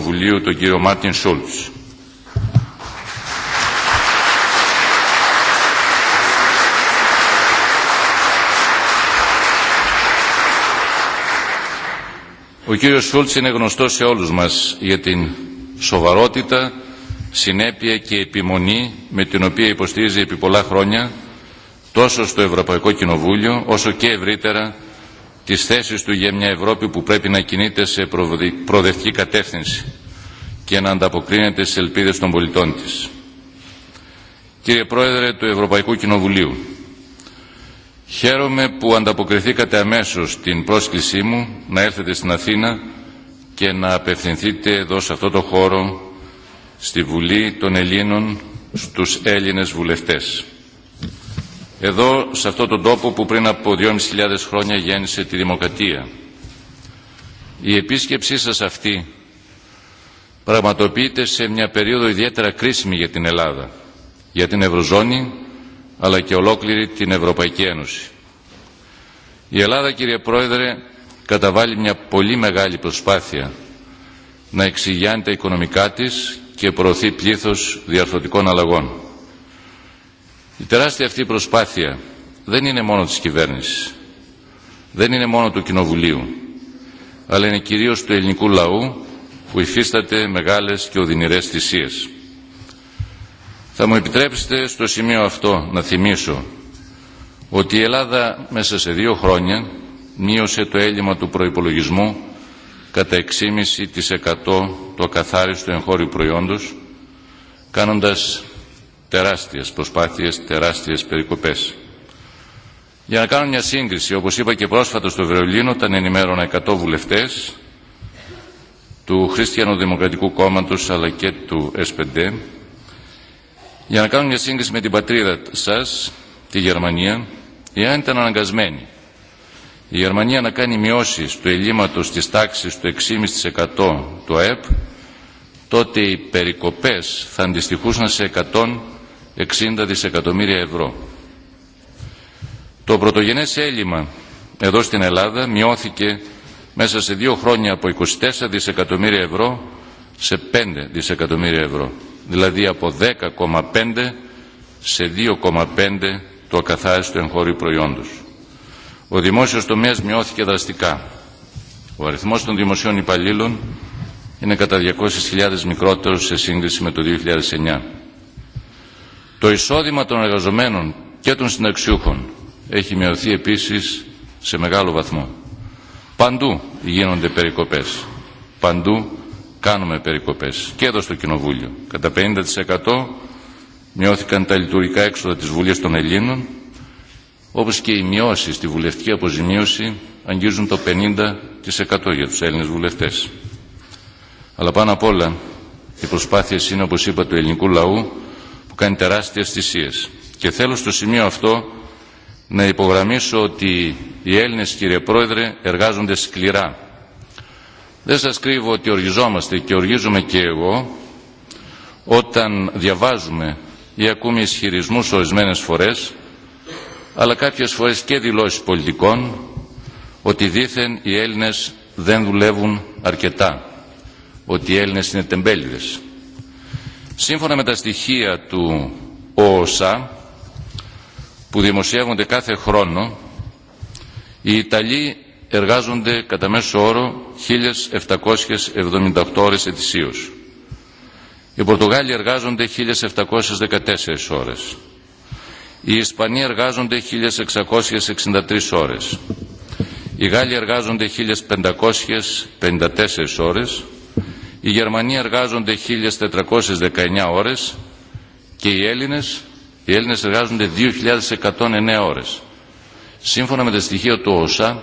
Κοινοβουλίου, τον κύριο Μάρτιν Σούλτς. Ο κύριος Σούλτς είναι γνωστός σε όλους μας για την σοβαρότητα, συνέπεια και επιμονή με την οποία υποστήριζε επί πολλά χρόνια τόσο στο Ευρωπαϊκό Κοινοβούλιο όσο και ευρύτερα τις θέσεις του για μια Ευρώπη που πρέπει να κινείται σε προοδευτική κατεύθυνση και να ανταποκρίνεται στις ελπίδες των πολιτών της. Κύριε Πρόεδρε του Ευρωπαϊκού Κοινοβουλίου, χαίρομαι που ανταποκριθήκατε αμέσως την πρόσκλησή μου να έρθετε στην Αθήνα και να απευθυνθείτε εδώ σε αυτό το χώρο στη Βουλή των Ελλήνων στους Έλληνες βουλευτές εδώ σε αυτόν τον τόπο που πριν από 2.500 χρόνια γέννησε τη δημοκρατία. Η επίσκεψή σας αυτή πραγματοποιείται σε μια περίοδο ιδιαίτερα κρίσιμη για την Ελλάδα, για την Ευρωζώνη αλλά και ολόκληρη την Ευρωπαϊκή Ένωση. Η Ελλάδα, κύριε Πρόεδρε, καταβάλει μια πολύ μεγάλη προσπάθεια να εξηγιάνει τα οικονομικά της και προωθεί πλήθος διαρθρωτικών αλλαγών. Η τεράστια αυτή προσπάθεια δεν είναι μόνο της κυβέρνησης, δεν είναι μόνο του Κοινοβουλίου, αλλά είναι κυρίως του ελληνικού λαού που υφίσταται μεγάλες και οδυνηρές θυσίες. Θα μου επιτρέψετε στο σημείο αυτό να θυμίσω ότι η Ελλάδα μέσα σε δύο χρόνια μείωσε το έλλειμμα του προϋπολογισμού κατά 6,5% το ακαθάριστο εγχώριο προϊόντος, κάνοντας τεράστιες προσπάθειες, τεράστιες περικοπές. Για να κάνω μια σύγκριση, όπως είπα και πρόσφατα στο Βερολίνο, όταν ενημέρωνα 100 βουλευτές του Χριστιανοδημοκρατικού Κόμματος αλλά και του S5, για να κάνω μια σύγκριση με την πατρίδα σας, τη Γερμανία, εάν ήταν αναγκασμένη η Γερμανία να κάνει μειώσεις του ελλείμματος της τάξης του 6,5% του ΑΕΠ, τότε οι περικοπές θα αντιστοιχούσαν σε 100. 60 δισεκατομμύρια ευρώ. Το πρωτογενές έλλειμμα εδώ στην Ελλάδα μειώθηκε μέσα σε δύο χρόνια από 24 δισεκατομμύρια ευρώ σε 5 δισεκατομμύρια ευρώ. Δηλαδή από 10,5 σε 2,5 το ακαθάριστο εγχώριο προϊόντος. Ο δημόσιος τομέας μειώθηκε δραστικά. Ο αριθμός των δημοσίων υπαλλήλων είναι κατά 200.000 μικρότερος σε σύγκριση με το 2009. Το εισόδημα των εργαζομένων και των συνταξιούχων έχει μειωθεί επίσης σε μεγάλο βαθμό. Παντού γίνονται περικοπές. Παντού κάνουμε περικοπές. Και εδώ στο Κοινοβούλιο. Κατά 50% μειώθηκαν τα λειτουργικά έξοδα της Βουλής των Ελλήνων, όπως και οι μειώσεις στη βουλευτική αποζημίωση αγγίζουν το 50% για τους Έλληνες βουλευτές. Αλλά πάνω απ' όλα οι προσπάθειες είναι, όπως είπα, του ελληνικού λαού που κάνει τεράστιες θυσίες. Και θέλω στο σημείο αυτό να υπογραμμίσω ότι οι Έλληνες, κύριε Πρόεδρε, εργάζονται σκληρά. Δεν σας κρύβω ότι οργιζόμαστε και οργίζομαι και εγώ όταν διαβάζουμε ή ακούμε ισχυρισμούς ορισμένες φορές αλλά κάποιες φορές και δηλώσεις πολιτικών ότι δήθεν οι Έλληνε δεν δουλεύουν αρκετά, ότι οι Έλληνες είναι τεμπέληδες. Σύμφωνα με τα στοιχεία του ΟΟΣΑ που δημοσιεύονται κάθε χρόνο οι Ιταλοί εργάζονται κατά μέσο όρο 1.778 ώρες ετησίως. Οι Πορτογάλοι εργάζονται 1.714 ώρες. Οι Ισπανοί εργάζονται 1.663 ώρες. Οι Γάλλοι εργάζονται 1.554 ώρες οι Γερμανοί εργάζονται 1.419 ώρες και οι Έλληνες, οι Έλληνες εργάζονται 2.109 ώρες. Σύμφωνα με τα στοιχεία του ΟΣΑ,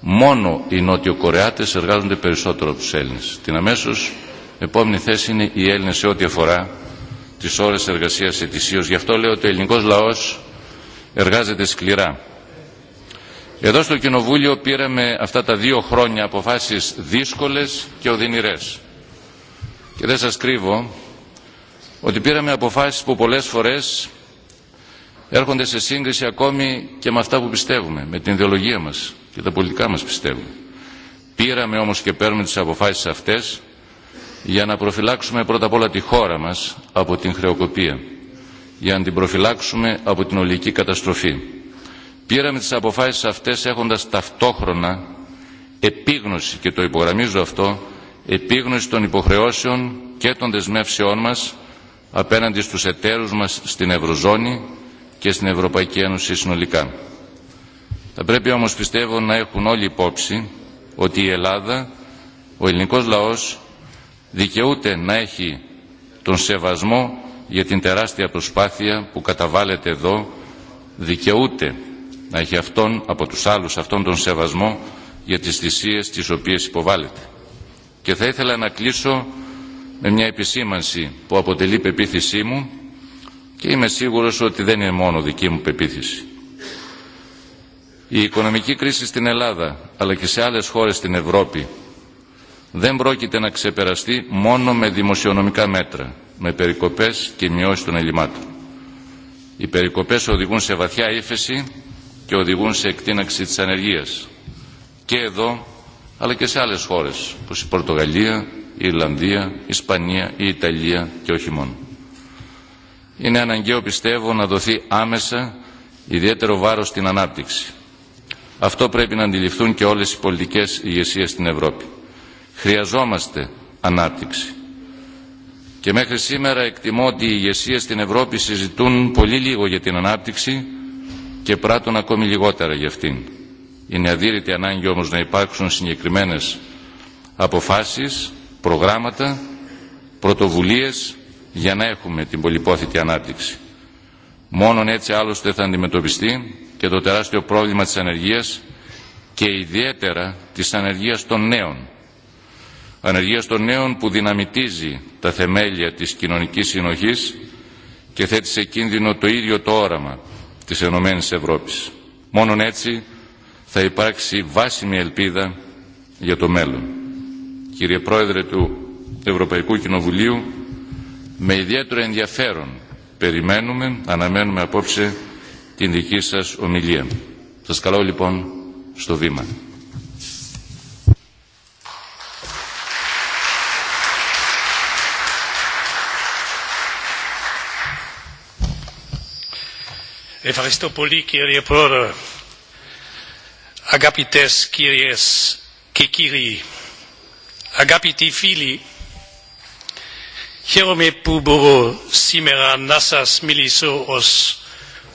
μόνο οι Νότιο Κορεάτες εργάζονται περισσότερο από τους Έλληνες. Την αμέσως επόμενη θέση είναι οι Έλληνες σε ό,τι αφορά τις ώρες εργασίας ετησίως. Γι' αυτό λέω ότι ο ελληνικός λαός εργάζεται σκληρά. Εδώ στο Κοινοβούλιο πήραμε αυτά τα δύο χρόνια αποφάσεις δύσκολες και οδυνηρές. Και δεν σας κρύβω ότι πήραμε αποφάσεις που πολλές φορές έρχονται σε σύγκριση ακόμη και με αυτά που πιστεύουμε, με την ιδεολογία μας και τα πολιτικά μας πιστεύουμε. Πήραμε όμως και παίρνουμε τις αποφάσεις αυτές για να προφυλάξουμε πρώτα απ' όλα τη χώρα μας από την χρεοκοπία, για να την προφυλάξουμε από την ολική καταστροφή. Πήραμε τις αποφάσεις αυτές έχοντας ταυτόχρονα επίγνωση, και το υπογραμμίζω αυτό, επίγνωση των υποχρεώσεων και των δεσμεύσεών μας απέναντι στους εταίρους μας στην Ευρωζώνη και στην Ευρωπαϊκή Ένωση συνολικά. Θα πρέπει όμως πιστεύω να έχουν όλοι υπόψη ότι η Ελλάδα, ο ελληνικός λαός δικαιούται να έχει τον σεβασμό για την τεράστια προσπάθεια που καταβάλλεται εδώ, δικαιούται να έχει αυτόν από τους άλλους αυτόν τον σεβασμό για τις θυσίες τις οποίες υποβάλλεται. Και θα ήθελα να κλείσω με μια επισήμανση που αποτελεί πεποίθησή μου και είμαι σίγουρος ότι δεν είναι μόνο δική μου πεποίθηση. Η οικονομική κρίση στην Ελλάδα αλλά και σε άλλες χώρες στην Ευρώπη δεν πρόκειται να ξεπεραστεί μόνο με δημοσιονομικά μέτρα, με περικοπές και μειώσει των ελλημάτων. Οι περικοπές οδηγούν σε βαθιά ύφεση και οδηγούν σε εκτείναξη της ανεργίας. Και εδώ αλλά και σε άλλες χώρες όπως η Πορτογαλία, η Ιρλανδία, η Ισπανία, η Ιταλία και όχι μόνο. Είναι αναγκαίο πιστεύω να δοθεί άμεσα ιδιαίτερο βάρος στην ανάπτυξη. Αυτό πρέπει να αντιληφθούν και όλες οι πολιτικές ηγεσίες στην Ευρώπη. Χρειαζόμαστε ανάπτυξη. Και μέχρι σήμερα εκτιμώ ότι οι ηγεσίες στην Ευρώπη συζητούν πολύ λίγο για την ανάπτυξη και πράττουν ακόμη λιγότερα για αυτήν. Είναι αδύρυτη ανάγκη όμως να υπάρξουν συγκεκριμένες αποφάσεις, προγράμματα, πρωτοβουλίες για να έχουμε την πολυπόθητη ανάπτυξη. Μόνον έτσι άλλωστε θα αντιμετωπιστεί και το τεράστιο πρόβλημα της ανεργίας και ιδιαίτερα της ανεργίας των νέων. Ανεργίας των νέων που δυναμητίζει τα θεμέλια της κοινωνικής συνοχής και θέτει σε κίνδυνο το ίδιο το όραμα της ΕΕ. Ευρώπης. Μόνον έτσι θα υπάρξει βάσιμη ελπίδα για το μέλλον. Κύριε Πρόεδρε του Ευρωπαϊκού Κοινοβουλίου, με ιδιαίτερο ενδιαφέρον περιμένουμε, αναμένουμε απόψε την δική σας ομιλία. Σας καλώ λοιπόν στο βήμα. Ευχαριστώ πολύ κύριε Πρόεδρε. Αγαπητές κυρίες και κύριοι, αγαπητοί φίλοι, χαίρομαι που μπορώ σήμερα να σας μιλήσω ως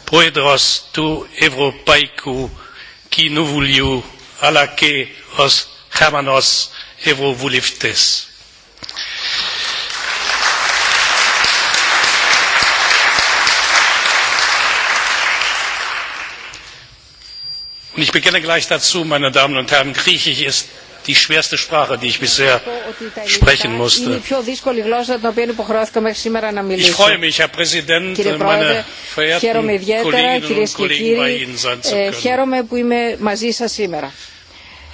πρόεδρος του Ευρωπαϊκού Κοινοβουλίου αλλά και ως χαμανός ευρωβουλευτής. und ich beginne gleich dazu meine damen und herren griechisch ist die schwerste Sprache, die ich bisher sprechen musste. Ich freue mich, Herr Präsident, meine verehrten Kolleginnen und Kollegen bei Ihnen sein zu können.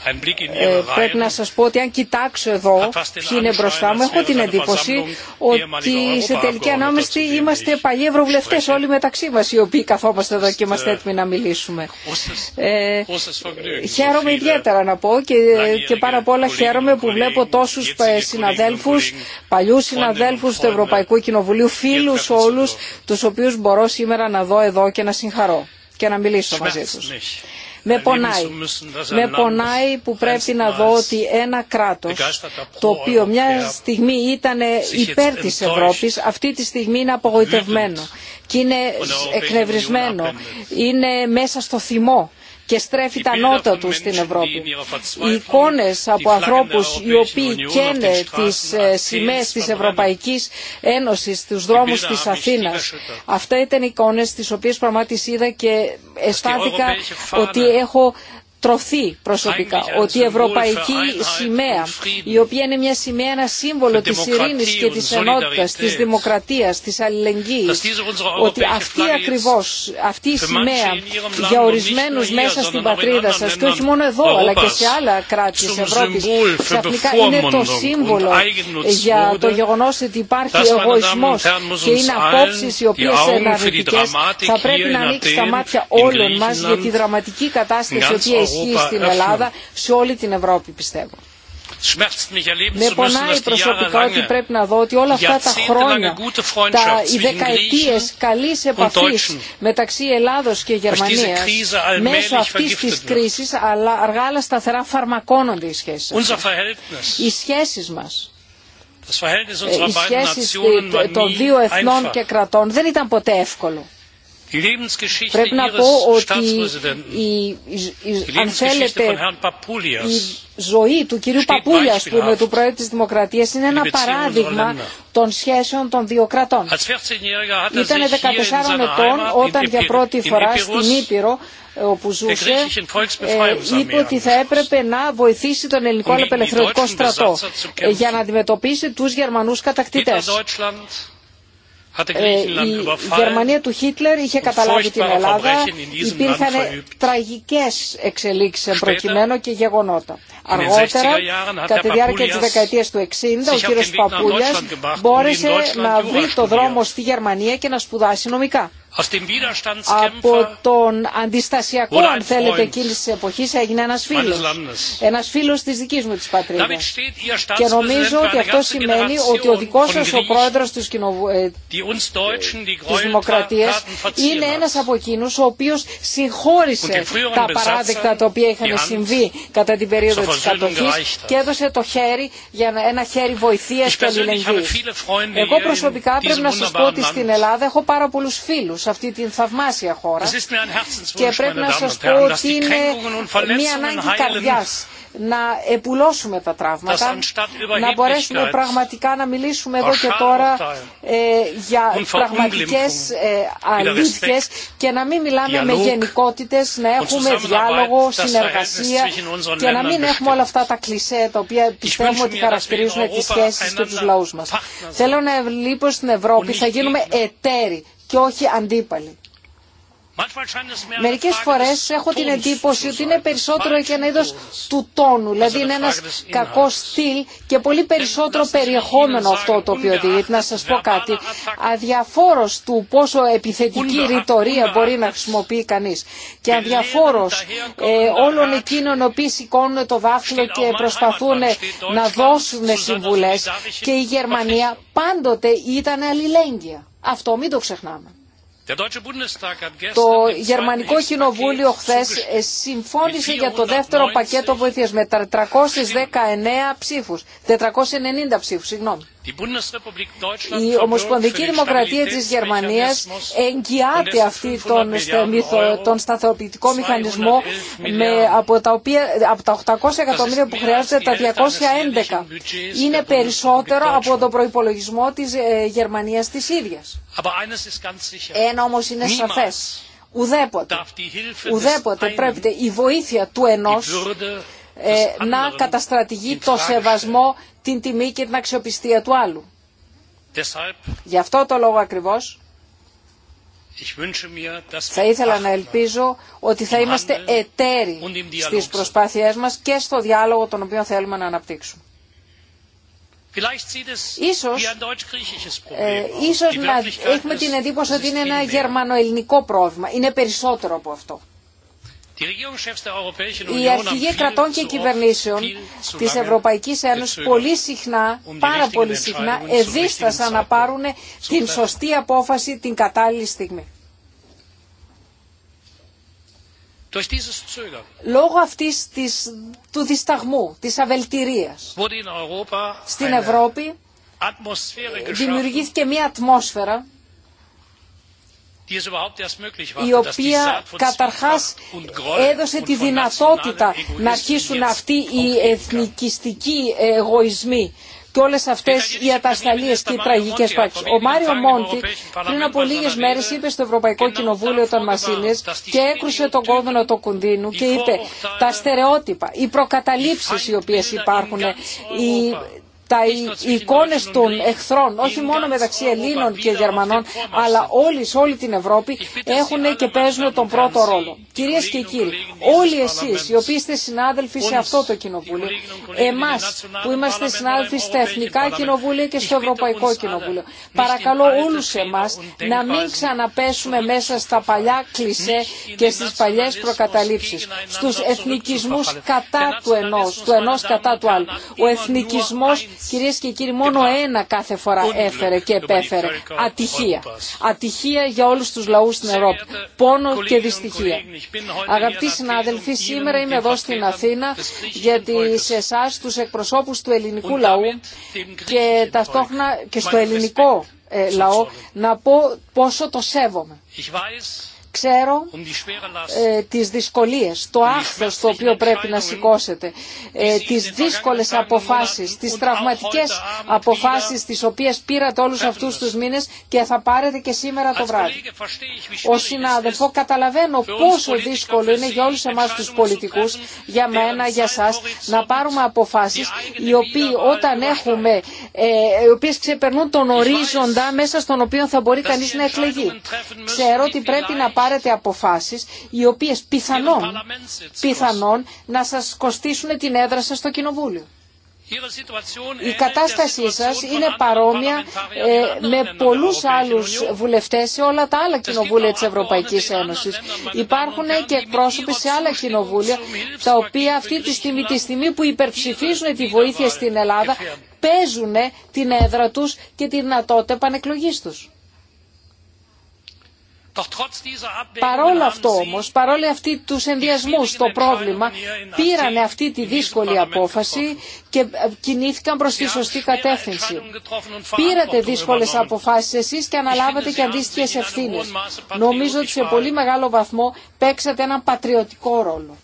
Ε, πρέπει να σας πω ότι αν κοιτάξω εδώ ποιοι είναι μπροστά μου, έχω την εντύπωση ότι σε τελική ανάμεστη είμαστε παλιοί ευρωβουλευτές όλοι μεταξύ μας οι οποίοι καθόμαστε εδώ και είμαστε έτοιμοι να μιλήσουμε. Ε, ε χαίρομαι ιδιαίτερα να πω και, και πάρα όλα χαίρομαι που βλέπω τόσους συναδέλφους, παλιούς συναδέλφους του Ευρωπαϊκού Κοινοβουλίου, φίλους όλους, τους οποίους μπορώ σήμερα να δω εδώ και να συγχαρώ και να μιλήσω μαζί τους. Με πονάει. Με πονάει που πρέπει να δω ότι ένα κράτος το οποίο μια στιγμή ήταν υπέρ της Ευρώπης αυτή τη στιγμή είναι απογοητευμένο και είναι εκνευρισμένο, είναι μέσα στο θυμό και στρέφει τα νότα του στην Ευρώπη. Οι εικόνες από ανθρώπους οι οποίοι καίνε τις ε, σημαίες της Ευρωπαϊκής Ένωσης στους δρόμους της Αθήνας. Αυτά ήταν εικόνες τις οποίες πραγματικά είδα και αισθάνθηκα ότι έχω τροφή προσωπικά ότι η ευρωπαϊκή σημαία η οποία είναι μια σημαία ένα σύμβολο της ειρήνης και της ενότητας της δημοκρατίας, της αλληλεγγύης ότι αυτή ακριβώς αυτή η σημαία για ορισμένους μέσα στην πατρίδα σας και όχι μόνο εδώ αλλά και σε άλλα κράτη της Ευρώπης ξαφνικά είναι το σύμβολο για το γεγονός ότι υπάρχει εγωισμός και είναι απόψεις οι οποίες εναρνητικές θα πρέπει να ανοίξει τα μάτια όλων μας για τη δραματική κατάσταση ισχύει στην Ελλάδα, σε όλη την Ευρώπη πιστεύω. Με πονάει προσωπικά ότι πρέπει να δω ότι όλα αυτά τα χρόνια, τα, οι δεκαετίες καλής επαφής μεταξύ Ελλάδο και Γερμανία, μέσω αυτή τη κρίση, αλλά αργά αλλά σταθερά φαρμακώνονται οι σχέσεις Οι σχέσει μα. Οι σχέσεις ε, ε, των δύο εθνών και κρατών δεν ήταν ποτέ εύκολο. Πρέπει να πω ότι η, αν θέλετε, η ζωή του κυρίου Παπούλια, που πούμε, του Προέδρου της Δημοκρατίας, είναι ένα παράδειγμα των σχέσεων των δύο κρατών. Er Ήταν 14 ετών όταν για πρώτη φορά στην Ήπειρο όπου ζούσε, ε, είπε ότι θα έπρεπε να βοηθήσει τον ελληνικό um απελευθερωτικό στρατό ε, για να αντιμετωπίσει τους Γερμανούς κατακτητές ε, η Γερμανία του Χίτλερ είχε καταλάβει την Ελλάδα, υπήρχαν τραγικές εξελίξεις προκειμένου και γεγονότα. Αργότερα, κατά τη διάρκεια της δεκαετίας του 1960, ο κύριος Παπούλιας μπόρεσε να βρει το δρόμο στη Γερμανία και να σπουδάσει νομικά από τον αντιστασιακό αν θέλετε εκείνη τη εποχή έγινε ένας φίλος ένας φίλος της δικής μου της πατρίδας και νομίζω ότι αυτό σημαίνει ότι ο δικός σας ο πρόεδρος της, κοινοβου... Ε, Δημοκρατίας είναι ένας από εκείνους ο οποίος συγχώρησε τα παράδεκτα τα οποία είχαν συμβεί κατά την περίοδο της κατοχής και έδωσε το χέρι για ένα χέρι βοηθείας και αλληλεγγύης. Εγώ προσωπικά πρέπει να σας πω ότι στην Ελλάδα έχω πάρα πολλούς φίλους σε αυτή την θαυμάσια χώρα και πρέπει να σας πω ότι είναι μια ανάγκη καρδιάς να επουλώσουμε τα τραύματα, να μπορέσουμε πραγματικά να μιλήσουμε εδώ και τώρα ε, για πραγματικές ε, αλήθειες και να μην μιλάμε με γενικότητες, να έχουμε διάλογο, συνεργασία και να μην έχουμε όλα αυτά τα κλισέ τα οποία πιστεύουμε ότι χαρακτηρίζουν τις σχέσεις και τους λαούς μας. Θέλω να λείπω στην Ευρώπη, θα γίνουμε εταίροι και όχι αντίπαλοι. Μερικές φορές έχω την εντύπωση ότι είναι περισσότερο και ένα είδος του τόνου, δηλαδή είναι ένας κακός στυλ και πολύ περισσότερο περιεχόμενο αυτό το οποίο δει. Να σας πω κάτι, αδιαφόρος του πόσο επιθετική ρητορία μπορεί να χρησιμοποιεί κανείς και αδιαφόρος ε, όλων εκείνων οι οποίοι σηκώνουν το δάχτυλο και προσπαθούν να δώσουν συμβουλές και η Γερμανία πάντοτε ήταν αλληλέγγυα. Αυτό μην το ξεχνάμε. Το Γερμανικό Κοινοβούλιο χθε ε, συμφώνησε για το δεύτερο πακέτο βοήθειας με 419 ψήφους, 490 ψήφους, συγγνώμη. Η Ομοσπονδική Δημοκρατία της Γερμανίας εγγυάται αυτή τον, τον σταθεροποιητικό μηχανισμό με, από, τα οποία, από τα 800 εκατομμύρια που χρειάζεται τα 211. Είναι περισσότερο από τον προϋπολογισμό της ε, Γερμανίας της ίδιας. Ένα όμως είναι σαφές. Ουδέποτε, ουδέποτε πρέπει η βοήθεια του ενός ε, να καταστρατηγεί το σεβασμό, την τιμή και την αξιοπιστία του άλλου. Γι' αυτό το λόγο ακριβώς θα ήθελα να ελπίζω ότι θα είμαστε εταίροι στις προσπάθειές μας και στο διάλογο τον οποίο θέλουμε να αναπτύξουμε. Ίσως, ε, έχουμε την εντύπωση ότι είναι ένα γερμανοελληνικό πρόβλημα. Είναι περισσότερο από αυτό. Οι αρχηγοί κρατών και κυβερνήσεων της Ευρωπαϊκής Ένωσης πολύ συχνά, um πάρα πολύ συχνά, εδίστασαν να πάρουν την σωστή απόφαση την κατάλληλη στιγμή. Λόγω αυτής του δισταγμού, της αβελτηρίας, στην Ευρώπη ε, δημιουργήθηκε μια ατμόσφαιρα η οποία καταρχάς έδωσε τη δυνατότητα να αρχίσουν αυτοί οι εθνικιστικοί εγωισμοί και όλες αυτές οι ατασταλίες και οι τραγικές πράξεις. Ο Μάριο Μόντι πριν από λίγες μέρες είπε στο Ευρωπαϊκό Κοινοβούλιο των Μασίνες και έκρουσε τον κόδωνα του κονδύνου και είπε τα στερεότυπα, οι προκαταλήψεις οι οποίες υπάρχουν, οι τα εικόνε των εχθρών, όχι μόνο μεταξύ Ελλήνων και Γερμανών, αλλά όλοι σε όλη την Ευρώπη έχουν και παίζουν τον πρώτο ρόλο. Κυρίε και κύριοι, όλοι εσεί, οι οποίοι είστε συνάδελφοι σε αυτό το κοινοβούλιο, εμά που είμαστε συνάδελφοι στα Εθνικά Κοινοβούλια και στο Ευρωπαϊκό Κοινοβούλιο, παρακαλώ όλου εμά να μην ξαναπέσουμε μέσα στα παλιά κλισέ και στι παλιέ προκαταλήψει, στου εθνικισμού κατά του ενό, του ενό κατά του άλλου. Ο Κυρίες και κύριοι, μόνο ένα κάθε φορά έφερε και επέφερε. Ατυχία. Ατυχία για όλους τους λαούς στην Ευρώπη. Πόνο και δυστυχία. Αγαπητοί συνάδελφοι, σήμερα είμαι εδώ στην Αθήνα γιατί σε εσά τους εκπροσώπους του ελληνικού λαού και ταυτόχρονα και στο ελληνικό ε, λαό να πω πόσο το σέβομαι ξέρω um ε, τις δυσκολίες, το um άχθος το οποίο πρέπει να σηκώσετε, ε, τις δύσκολες αποφάσεις, τις τραυματικές αποφάσεις τις οποίες πήρατε όλους αυτούς τους μήνες και θα πάρετε και σήμερα το βράδυ. Ο συνάδελφο καταλαβαίνω πόσο δύσκολο είναι για όλους εμάς τους πολιτικούς, για μένα, για σας, να πάρουμε αποφάσεις οι οποίες όταν έχουμε, ε, ε, οι οποίες ξεπερνούν τον ορίζοντα μέσα στον οποίο θα μπορεί κανείς να εκλεγεί. Ξέρω ότι πρέπει να πάρει πάρετε αποφάσεις οι οποίες πιθανόν, πιθανόν να σας κοστίσουν την έδρα σας στο Κοινοβούλιο. Η κατάστασή σας είναι παρόμοια ε, με πολλούς άλλους βουλευτές σε όλα τα άλλα κοινοβούλια της Ευρωπαϊκής Ένωσης. Υπάρχουν και εκπρόσωποι σε άλλα κοινοβούλια, τα οποία αυτή τη στιγμή, τη στιγμή που υπερψηφίζουν τη βοήθεια στην Ελλάδα, παίζουν την έδρα τους και τη δυνατότητα επανεκλογής τους. Παρόλα αυτό όμως, παρόλα αυτή τους ενδιασμούς, το πρόβλημα, πήρανε αυτή τη δύσκολη απόφαση και ε, κινήθηκαν προς τη σωστή κατεύθυνση. Πήρατε δύσκολες αποφάσεις εσείς και αναλάβατε και αντίστοιχες ευθύνες. Νομίζω ότι σε πολύ μεγάλο βαθμό παίξατε έναν πατριωτικό ρόλο.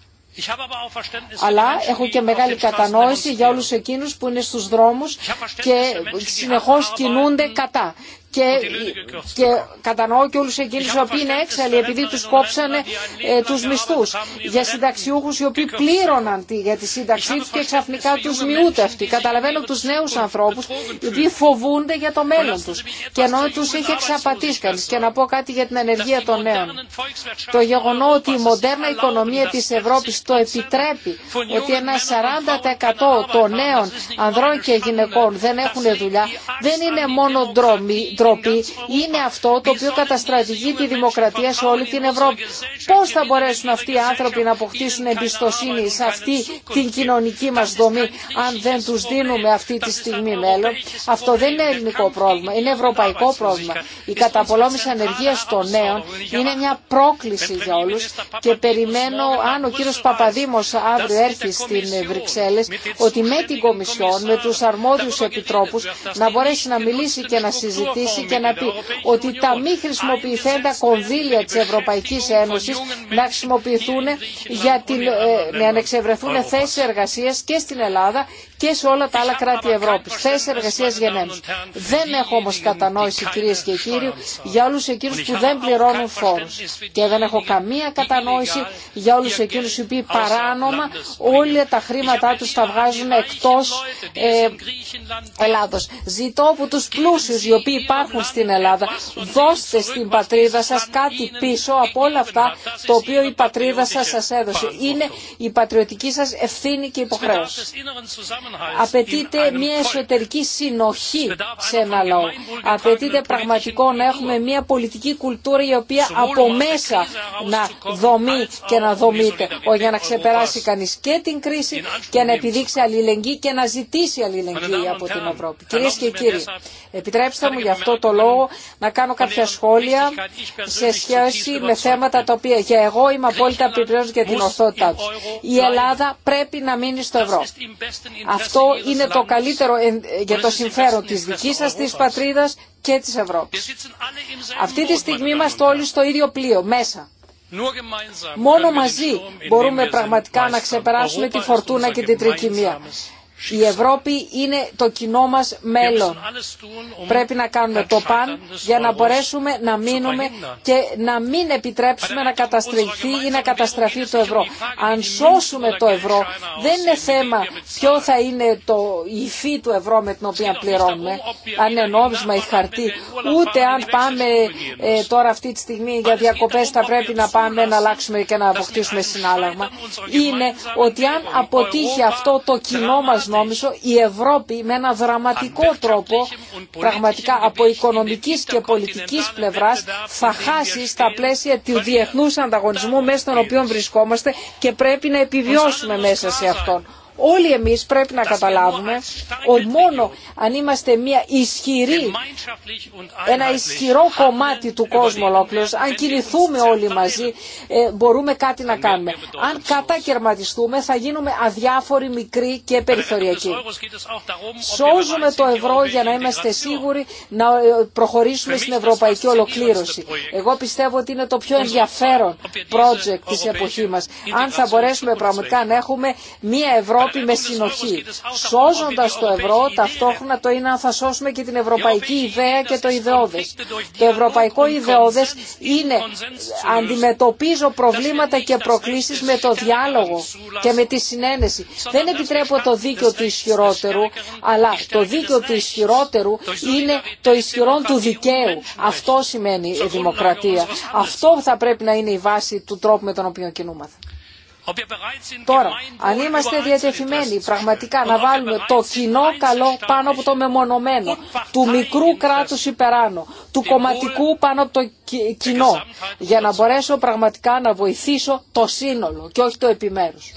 Αλλά έχω και μεγάλη κατανόηση για όλους εκείνους που είναι στους δρόμους και συνεχώς κινούνται κατά και, και κατανοώ και όλους εκείνους οι οποίοι είναι έξαλλοι επειδή τους κόψανε δηλαδή ε, τους μισθούς. Για συνταξιούχους οι οποίοι πλήρωναν για τη σύνταξή τους και ξαφνικά τους μειούται αυτοί. Καταλαβαίνω τους νέους ανθρώπους οι οποίοι φοβούνται για το μέλλον τους και ενώ τους είχε εξαπατήσει κανείς. Και να πω κάτι για την ενεργία των νέων. Το γεγονό ότι η μοντέρνα οικονομία της Ευρώπης το επιτρέπει ότι ένα 40% των νέων ανδρών και γυναικών δεν έχουν δουλειά δεν είναι μόνο ντρομή, είναι αυτό το οποίο καταστρατηγεί τη δημοκρατία σε όλη την Ευρώπη. Πώ θα μπορέσουν αυτοί οι άνθρωποι να αποκτήσουν εμπιστοσύνη σε αυτή την κοινωνική μας δομή αν δεν του δίνουμε αυτή τη στιγμή μέλλον. Αυτό δεν είναι ελληνικό πρόβλημα, είναι ευρωπαϊκό πρόβλημα. Η καταπολόμηση ανεργία των νέων είναι μια πρόκληση για όλου. και περιμένω αν ο κύριο Παπαδήμο αύριο έρθει στην Βρυξέλλες ότι με την Κομισιόν, με του αρμόδιους επιτρόπους να μπορέσει να μιλήσει και να συζητήσει και να πει ότι τα μη χρησιμοποιηθέντα κονδύλια της Ευρωπαϊκής Ένωσης να χρησιμοποιηθούν για την, ε, να εξευρεθούν θέσεις εργασίας και στην Ελλάδα και σε όλα τα άλλα κράτη Ευρώπη, θέσει εργασία για Δεν έχω όμω κατανόηση κύριε και κύριοι για όλου εκείνου που δεν πληρώνουν φόρου. Και δεν έχω καμία κατανόηση για όλου εκείνου οι οποίοι παράνομα όλα τα χρήματά του τα βγάζουν εκτό ε, Ελλάδος. Ζητώ από τους πλούσιου οι υπάρχουν στην Ελλάδα. Δώστε στην πατρίδα σας κάτι πίσω από όλα αυτά το οποίο η πατρίδα σας σας έδωσε. Είναι η πατριωτική σας ευθύνη και υποχρέωση. Απαιτείται μια εσωτερική συνοχή σε ένα λαό. Απαιτείται πραγματικό να έχουμε μια πολιτική κουλτούρα η οποία από μέσα να δομεί και να δομείται για να ξεπεράσει κανείς και την κρίση και να επιδείξει αλληλεγγύη και να ζητήσει αλληλεγγύη από την Ευρώπη. Κυρίες και κύριοι, επιτρέψτε μου για αυτό το λόγο να κάνω κάποια σχόλια σε σχέση με θέματα τα οποία για εγώ είμαι απόλυτα επιπλέον για την ορθότητά του. Η Ελλάδα πρέπει να μείνει στο ευρώ. Αυτό είναι το καλύτερο για το συμφέρον της δικής σας, της πατρίδας και της Ευρώπης. Αυτή τη στιγμή είμαστε όλοι στο ίδιο πλοίο, μέσα. Μόνο μαζί μπορούμε πραγματικά να ξεπεράσουμε τη φορτούνα και την τρικυμία. Η Ευρώπη είναι το κοινό μας μέλλον. Um πρέπει να κάνουμε το παν για να μπορέσουμε να μείνουμε και να μην επιτρέψουμε να καταστρεφεί ή να καταστραφεί το ευρώ. Αν σώσουμε το ευρώ, δεν είναι θέμα ποιο θα είναι το υφή του ευρώ με την οποία πληρώνουμε, αν είναι νόμισμα ή χαρτί, ούτε αν πάμε ε, τώρα αυτή τη στιγμή για διακοπές θα πρέπει να πάμε να αλλάξουμε και να αποκτήσουμε συνάλλαγμα. Είναι ότι αν αποτύχει αυτό το κοινό μας νόμισο η Ευρώπη με ένα δραματικό τρόπο πραγματικά από οικονομικής και πολιτικής πλευράς θα χάσει στα πλαίσια του διεθνούς ανταγωνισμού μέσα στον οποίο βρισκόμαστε και πρέπει να επιβιώσουμε μέσα σε αυτόν. Όλοι εμείς πρέπει να καταλάβουμε ότι μόνο αν είμαστε μια ισχυρή, ένα ισχυρό κομμάτι του κόσμου ολόκληρος, αν κινηθούμε όλοι μαζί, ε, μπορούμε κάτι να κάνουμε. Αν κατακαιρματιστούμε θα γίνουμε αδιάφοροι, μικροί και περιθωριακοί. Σώζουμε το ευρώ για να είμαστε σίγουροι να ε, προχωρήσουμε στην ευρωπαϊκή ολοκλήρωση. Εγώ πιστεύω ότι είναι το πιο ενδιαφέρον project της εποχής μας. Αν θα μπορέσουμε πραγματικά να έχουμε μια ευρώ. Ευρώπη με συνοχή. Σώζοντας το ευρώ, ταυτόχρονα το είναι αν θα σώσουμε και την ευρωπαϊκή ιδέα και το ιδεώδες. Το ευρωπαϊκό ιδεώδες είναι αντιμετωπίζω προβλήματα και προκλήσεις με το διάλογο και με τη συνένεση. Δεν επιτρέπω το δίκαιο του ισχυρότερου, αλλά το δίκαιο του ισχυρότερου είναι το ισχυρό του δικαίου. Αυτό σημαίνει η δημοκρατία. Αυτό θα πρέπει να είναι η βάση του τρόπου με τον οποίο κινούμαστε. Τώρα, αν είμαστε διατεθειμένοι πραγματικά να βάλουμε το κοινό καλό πάνω από το μεμονωμένο, του μικρού κράτους υπεράνω, του κομματικού πάνω από το κοινό, για να μπορέσω πραγματικά να βοηθήσω το σύνολο και όχι το επιμέρους.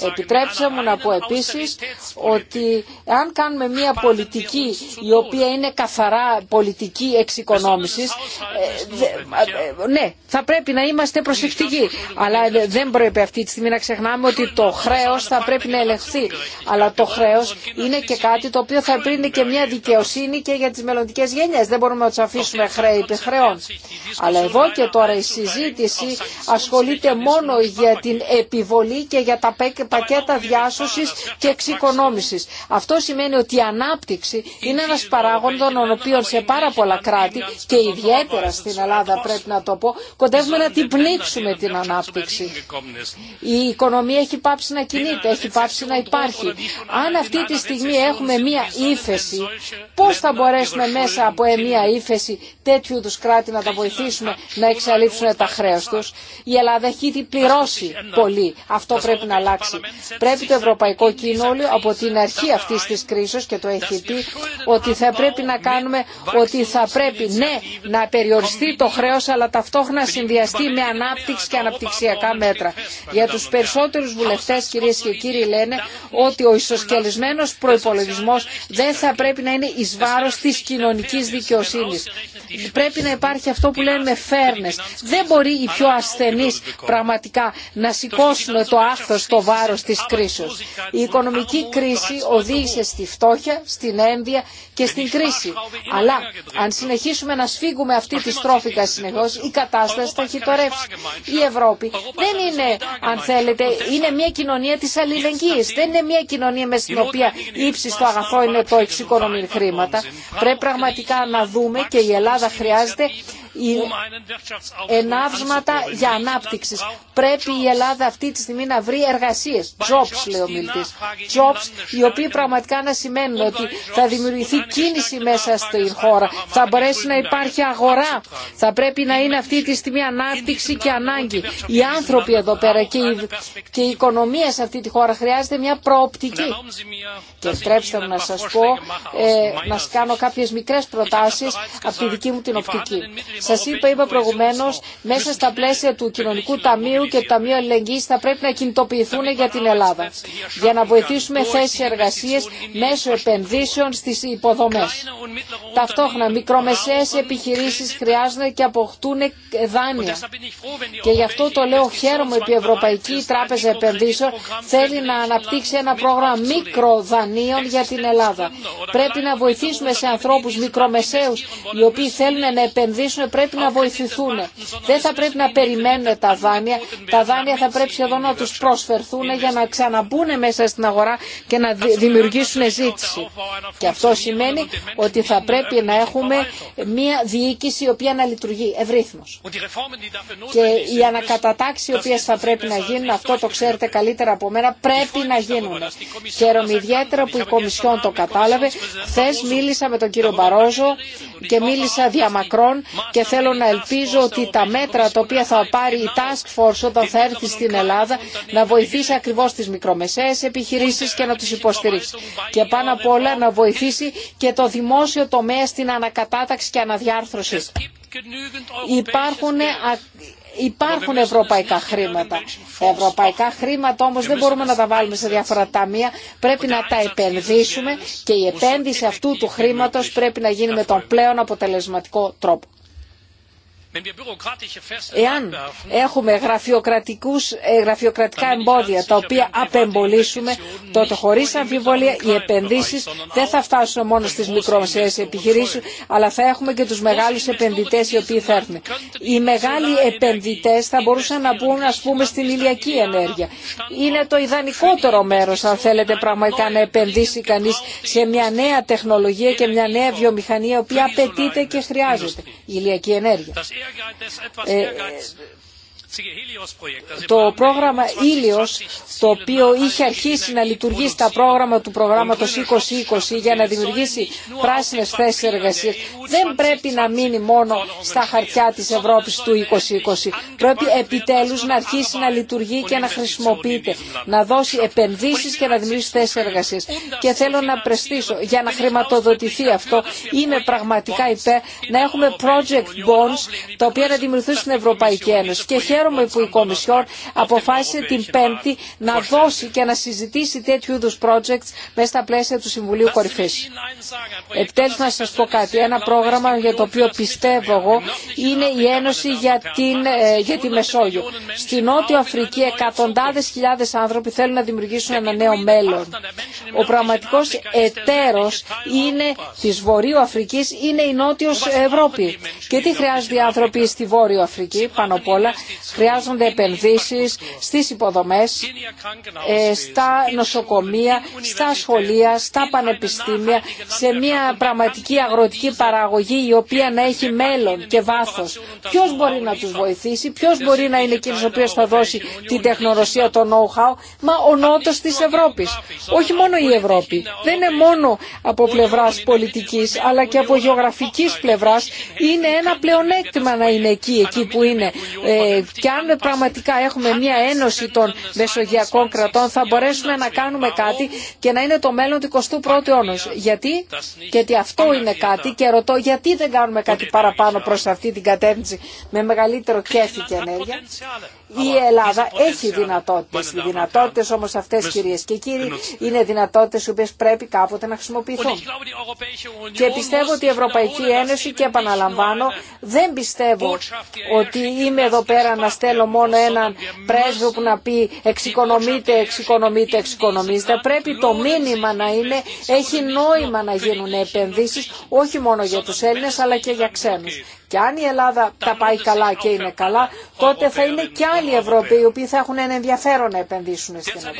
Επιτρέψτε μου να πω επίσης ότι αν κάνουμε μια πολιτική η οποία είναι καθαρά πολιτική εξοικονόμησης, ε, ε, ναι, θα πρέπει να είμαστε προσεκτικοί, αλλά δεν πρέπει έπρεπε αυτή τη στιγμή να ξεχνάμε ότι το χρέο θα πρέπει να ελεγχθεί. Αλλά το χρέο είναι και κάτι το οποίο θα πρίνει και μια δικαιοσύνη και για τι μελλοντικέ γενιέ. Δεν μπορούμε να του αφήσουμε χρέη επί Αλλά εδώ και τώρα η συζήτηση ασχολείται μόνο για την επιβολή και για τα πακέτα διάσωση και εξοικονόμηση. Αυτό σημαίνει ότι η ανάπτυξη είναι ένα παράγοντας ο οποίο σε πάρα πολλά κράτη και ιδιαίτερα στην Ελλάδα πρέπει να το πω, κοντεύουμε να την πνίξουμε την ανάπτυξη. Η οικονομία έχει πάψει να κινείται, έχει πάψει να υπάρχει. Αν αυτή τη στιγμή έχουμε μία ύφεση, πώς θα μπορέσουμε μέσα από μία ύφεση τέτοιου είδους κράτη να τα βοηθήσουμε να εξαλείψουν τα χρέος τους. Η Ελλάδα έχει πληρώσει πολύ. Αυτό πρέπει να αλλάξει. Πρέπει το Ευρωπαϊκό Κοινόλιο από την αρχή αυτής της κρίσης και το έχει πει ότι θα πρέπει να κάνουμε ότι θα πρέπει ναι να περιοριστεί το χρέος αλλά ταυτόχρονα συνδυαστεί με ανάπτυξη και αναπτυξιακά μέτρα. Για τους περισσότερους βουλευτές, κυρίες και κύριοι, λένε ότι ο ισοσκελισμένος προϋπολογισμός δεν θα πρέπει να είναι εις βάρος της κοινωνικής δικαιοσύνης. Πρέπει να υπάρχει αυτό που λέμε φέρνες. Δεν μπορεί οι πιο ασθενείς πραγματικά να σηκώσουν το άχθος, το βάρος της κρίσης. Η οικονομική κρίση οδήγησε στη φτώχεια, στην ένδια και στην κρίση. Αλλά αν συνεχίσουμε να σφίγγουμε αυτή τη στρόφικα συνεχώς, η κατάσταση θα έχει Η Ευρώπη δεν είναι, αν θέλετε, είναι μια κοινωνία της αλληλεγγύη, Δεν είναι μια κοινωνία με στην οποία ύψιστο αγαθό είναι το εξοικονομή χρήματα. Πρέπει πραγματικά να δούμε και η Ελλάδα χρειάζεται ενάψματα για ανάπτυξη. Πρέπει η Ελλάδα αυτή τη στιγμή να βρει εργασίε, jobs λέει ο Jobs οι οποίοι πραγματικά να σημαίνουν ότι θα δημιουργηθεί κίνηση μέσα στη χώρα, θα μπορέσει να υπάρχει αγορά, θα πρέπει να είναι αυτή τη στιγμή ανάπτυξη και ανάγκη. Οι άνθρωποι εδώ πέρα και η, οικονομία σε αυτή τη χώρα χρειάζεται μια προοπτική. Και επιτρέψτε μου να σα πω, ε, να σα κάνω κάποιε μικρέ προτάσει από τη δική μου την οπτική. Σα είπα, είπα προηγουμένω, μέσα στα πλαίσια του Κοινωνικού Ταμείου και του Ταμείου Αλληλεγγύης θα πρέπει να κινητοποιηθούν για την Ελλάδα, για να βοηθήσουμε θέσει εργασίε μέσω επενδύσεων στι υποδομέ. Ταυτόχρονα, μικρομεσαίε επιχειρήσει χρειάζονται και αποκτούν δάνεια. Και γι' αυτό το λέω χαίρομαι που η Ευρωπαϊκή Τράπεζα Επενδύσεων θέλει να αναπτύξει ένα πρόγραμμα μικροδανείων για την Ελλάδα. Πρέπει να βοηθήσουμε σε ανθρώπου, μικρομεσαίου οι οποίοι θέλουν να επενδύσουν πρέπει να βοηθηθούν. Δεν θα πρέπει να περιμένουν τα δάνεια. Τα δάνεια θα πρέπει σχεδόν να του προσφερθούν για να ξαναμπούν μέσα στην αγορά και να δημιουργήσουν ζήτηση. Και αυτό σημαίνει ότι θα πρέπει να έχουμε μια διοίκηση η οποία να λειτουργεί ευρύθμω. Και οι ανακατατάξει οι οποίε θα πρέπει να γίνουν, αυτό το ξέρετε καλύτερα από μένα, πρέπει να γίνουν. Χαίρομαι ιδιαίτερα που η Κομισιόν το κατάλαβε. Χθε μίλησα με τον κύριο Μπαρόζο και μίλησα διαμακρών και θέλω να ελπίζω ότι τα μέτρα τα οποία θα πάρει η Task Force όταν θα έρθει στην Ελλάδα να βοηθήσει ακριβώς τις μικρομεσαίες επιχειρήσεις και να τους υποστηρίξει. Και πάνω απ' όλα να βοηθήσει και το δημόσιο τομέα στην ανακατάταξη και αναδιάρθρωση. Υπάρχουν υπάρχουν ευρωπαϊκά χρήματα. Τα ευρωπαϊκά χρήματα όμως δεν μπορούμε να τα βάλουμε σε διάφορα ταμεία, πρέπει να τα επενδύσουμε και η επένδυση αυτού του χρήματος πρέπει να γίνει με τον πλέον αποτελεσματικό τρόπο. Εάν έχουμε ε, γραφειοκρατικά εμπόδια τα οποία απεμπολίσουμε, τότε χωρίς αμφιβολία οι επενδύσεις δεν θα φτάσουν μόνο στις μικρομεσαίες επιχειρήσεις, αλλά θα έχουμε και τους μεγάλους επενδυτές οι οποίοι θα έρθουν. Οι μεγάλοι επενδυτές θα μπορούσαν να μπουν ας πούμε στην ηλιακή ενέργεια. Είναι το ιδανικότερο μέρος αν θέλετε πραγματικά να επενδύσει κανείς σε μια νέα τεχνολογία και μια νέα βιομηχανία η οποία απαιτείται και χρειάζεται η ηλιακή ενέργεια. Ehrgeiz, des etwas Ehrgeiz. Äh, äh, το πρόγραμμα Ήλιος, το οποίο είχε αρχίσει να λειτουργεί στα πρόγραμμα του προγράμματος 2020 για να δημιουργήσει πράσινες θέσεις εργασίας, δεν πρέπει να μείνει μόνο στα χαρτιά της Ευρώπης του 2020. Πρέπει επιτέλους να αρχίσει να λειτουργεί και να χρησιμοποιείται, να δώσει επενδύσεις και να δημιουργήσει θέσεις εργασίας. Και θέλω να πρεστήσω, για να χρηματοδοτηθεί αυτό, είμαι πραγματικά υπέ να έχουμε project bonds, τα οποία να δημιουργηθούν στην Ευρωπαϊκή Ένωση χαίρομαι που η Κομισιόν αποφάσισε την Πέμπτη να δώσει και να συζητήσει τέτοιου είδου projects μέσα στα πλαίσια του Συμβουλίου Κορυφή. Επιτέλου να σα πω κάτι. Ένα πρόγραμμα για το οποίο πιστεύω εγώ είναι η Ένωση για, την, ε, για τη Μεσόγειο. Στη Νότια Αφρική εκατοντάδε χιλιάδε άνθρωποι θέλουν να δημιουργήσουν ένα νέο μέλλον. Ο πραγματικό εταίρο είναι τη Βορείου Αφρική είναι η Νότιο Ευρώπη. Και τι χρειάζονται οι άνθρωποι στη Βόρειο Αφρική πάνω απ' όλα. Χρειάζονται επενδύσεις στις υποδομές, ε, στα νοσοκομεία, στα σχολεία, στα πανεπιστήμια, σε μια πραγματική αγροτική παραγωγή η οποία να έχει μέλλον και βάθος. Ποιο μπορεί να τους βοηθήσει, ποιο μπορεί να είναι εκείνος ο οποίο θα δώσει την τεχνορωσία, το know-how, μα ο νότος της Ευρώπης. Όχι μόνο η Ευρώπη. Δεν είναι μόνο από πλευρά πολιτική, αλλά και από γεωγραφική πλευρά. Είναι ένα πλεονέκτημα να είναι εκεί, εκεί που είναι ε, και αν πραγματικά έχουμε μια ένωση των μεσογειακών κρατών θα μπορέσουμε να κάνουμε κάτι και να είναι το μέλλον του 21ου αιώνα. Γιατί? Γιατί αυτό είναι κάτι και ρωτώ γιατί δεν κάνουμε κάτι παραπάνω προς αυτή την κατεύθυνση με μεγαλύτερο κέφι και ενέργεια η Ελλάδα έχει δυνατότητε. Οι δυνατότητες όμως αυτές κύριε και κύριοι είναι δυνατότητε οι οποίε πρέπει κάποτε να χρησιμοποιηθούν. Και πιστεύω ότι η Ευρωπαϊκή Ένωση και επαναλαμβάνω ε, δεν πιστεύω ότι είμαι εδώ πέρα να στέλνω μόνο έναν πρέσβο που να πει εξοικονομείτε, εξοικονομείτε, εξοικονομήστε. Πρέπει το μήνυμα να είναι έχει νόημα να γίνουν επενδύσει, όχι μόνο για του Έλληνε, αλλά και για ξένου. Και αν η Ελλάδα τα πάει καλά και είναι καλά τότε θα είναι και άλλοι Ευρωπαίοι οι οποίοι θα έχουν ένα ενδιαφέρον να επενδύσουν στην Ευρώπη.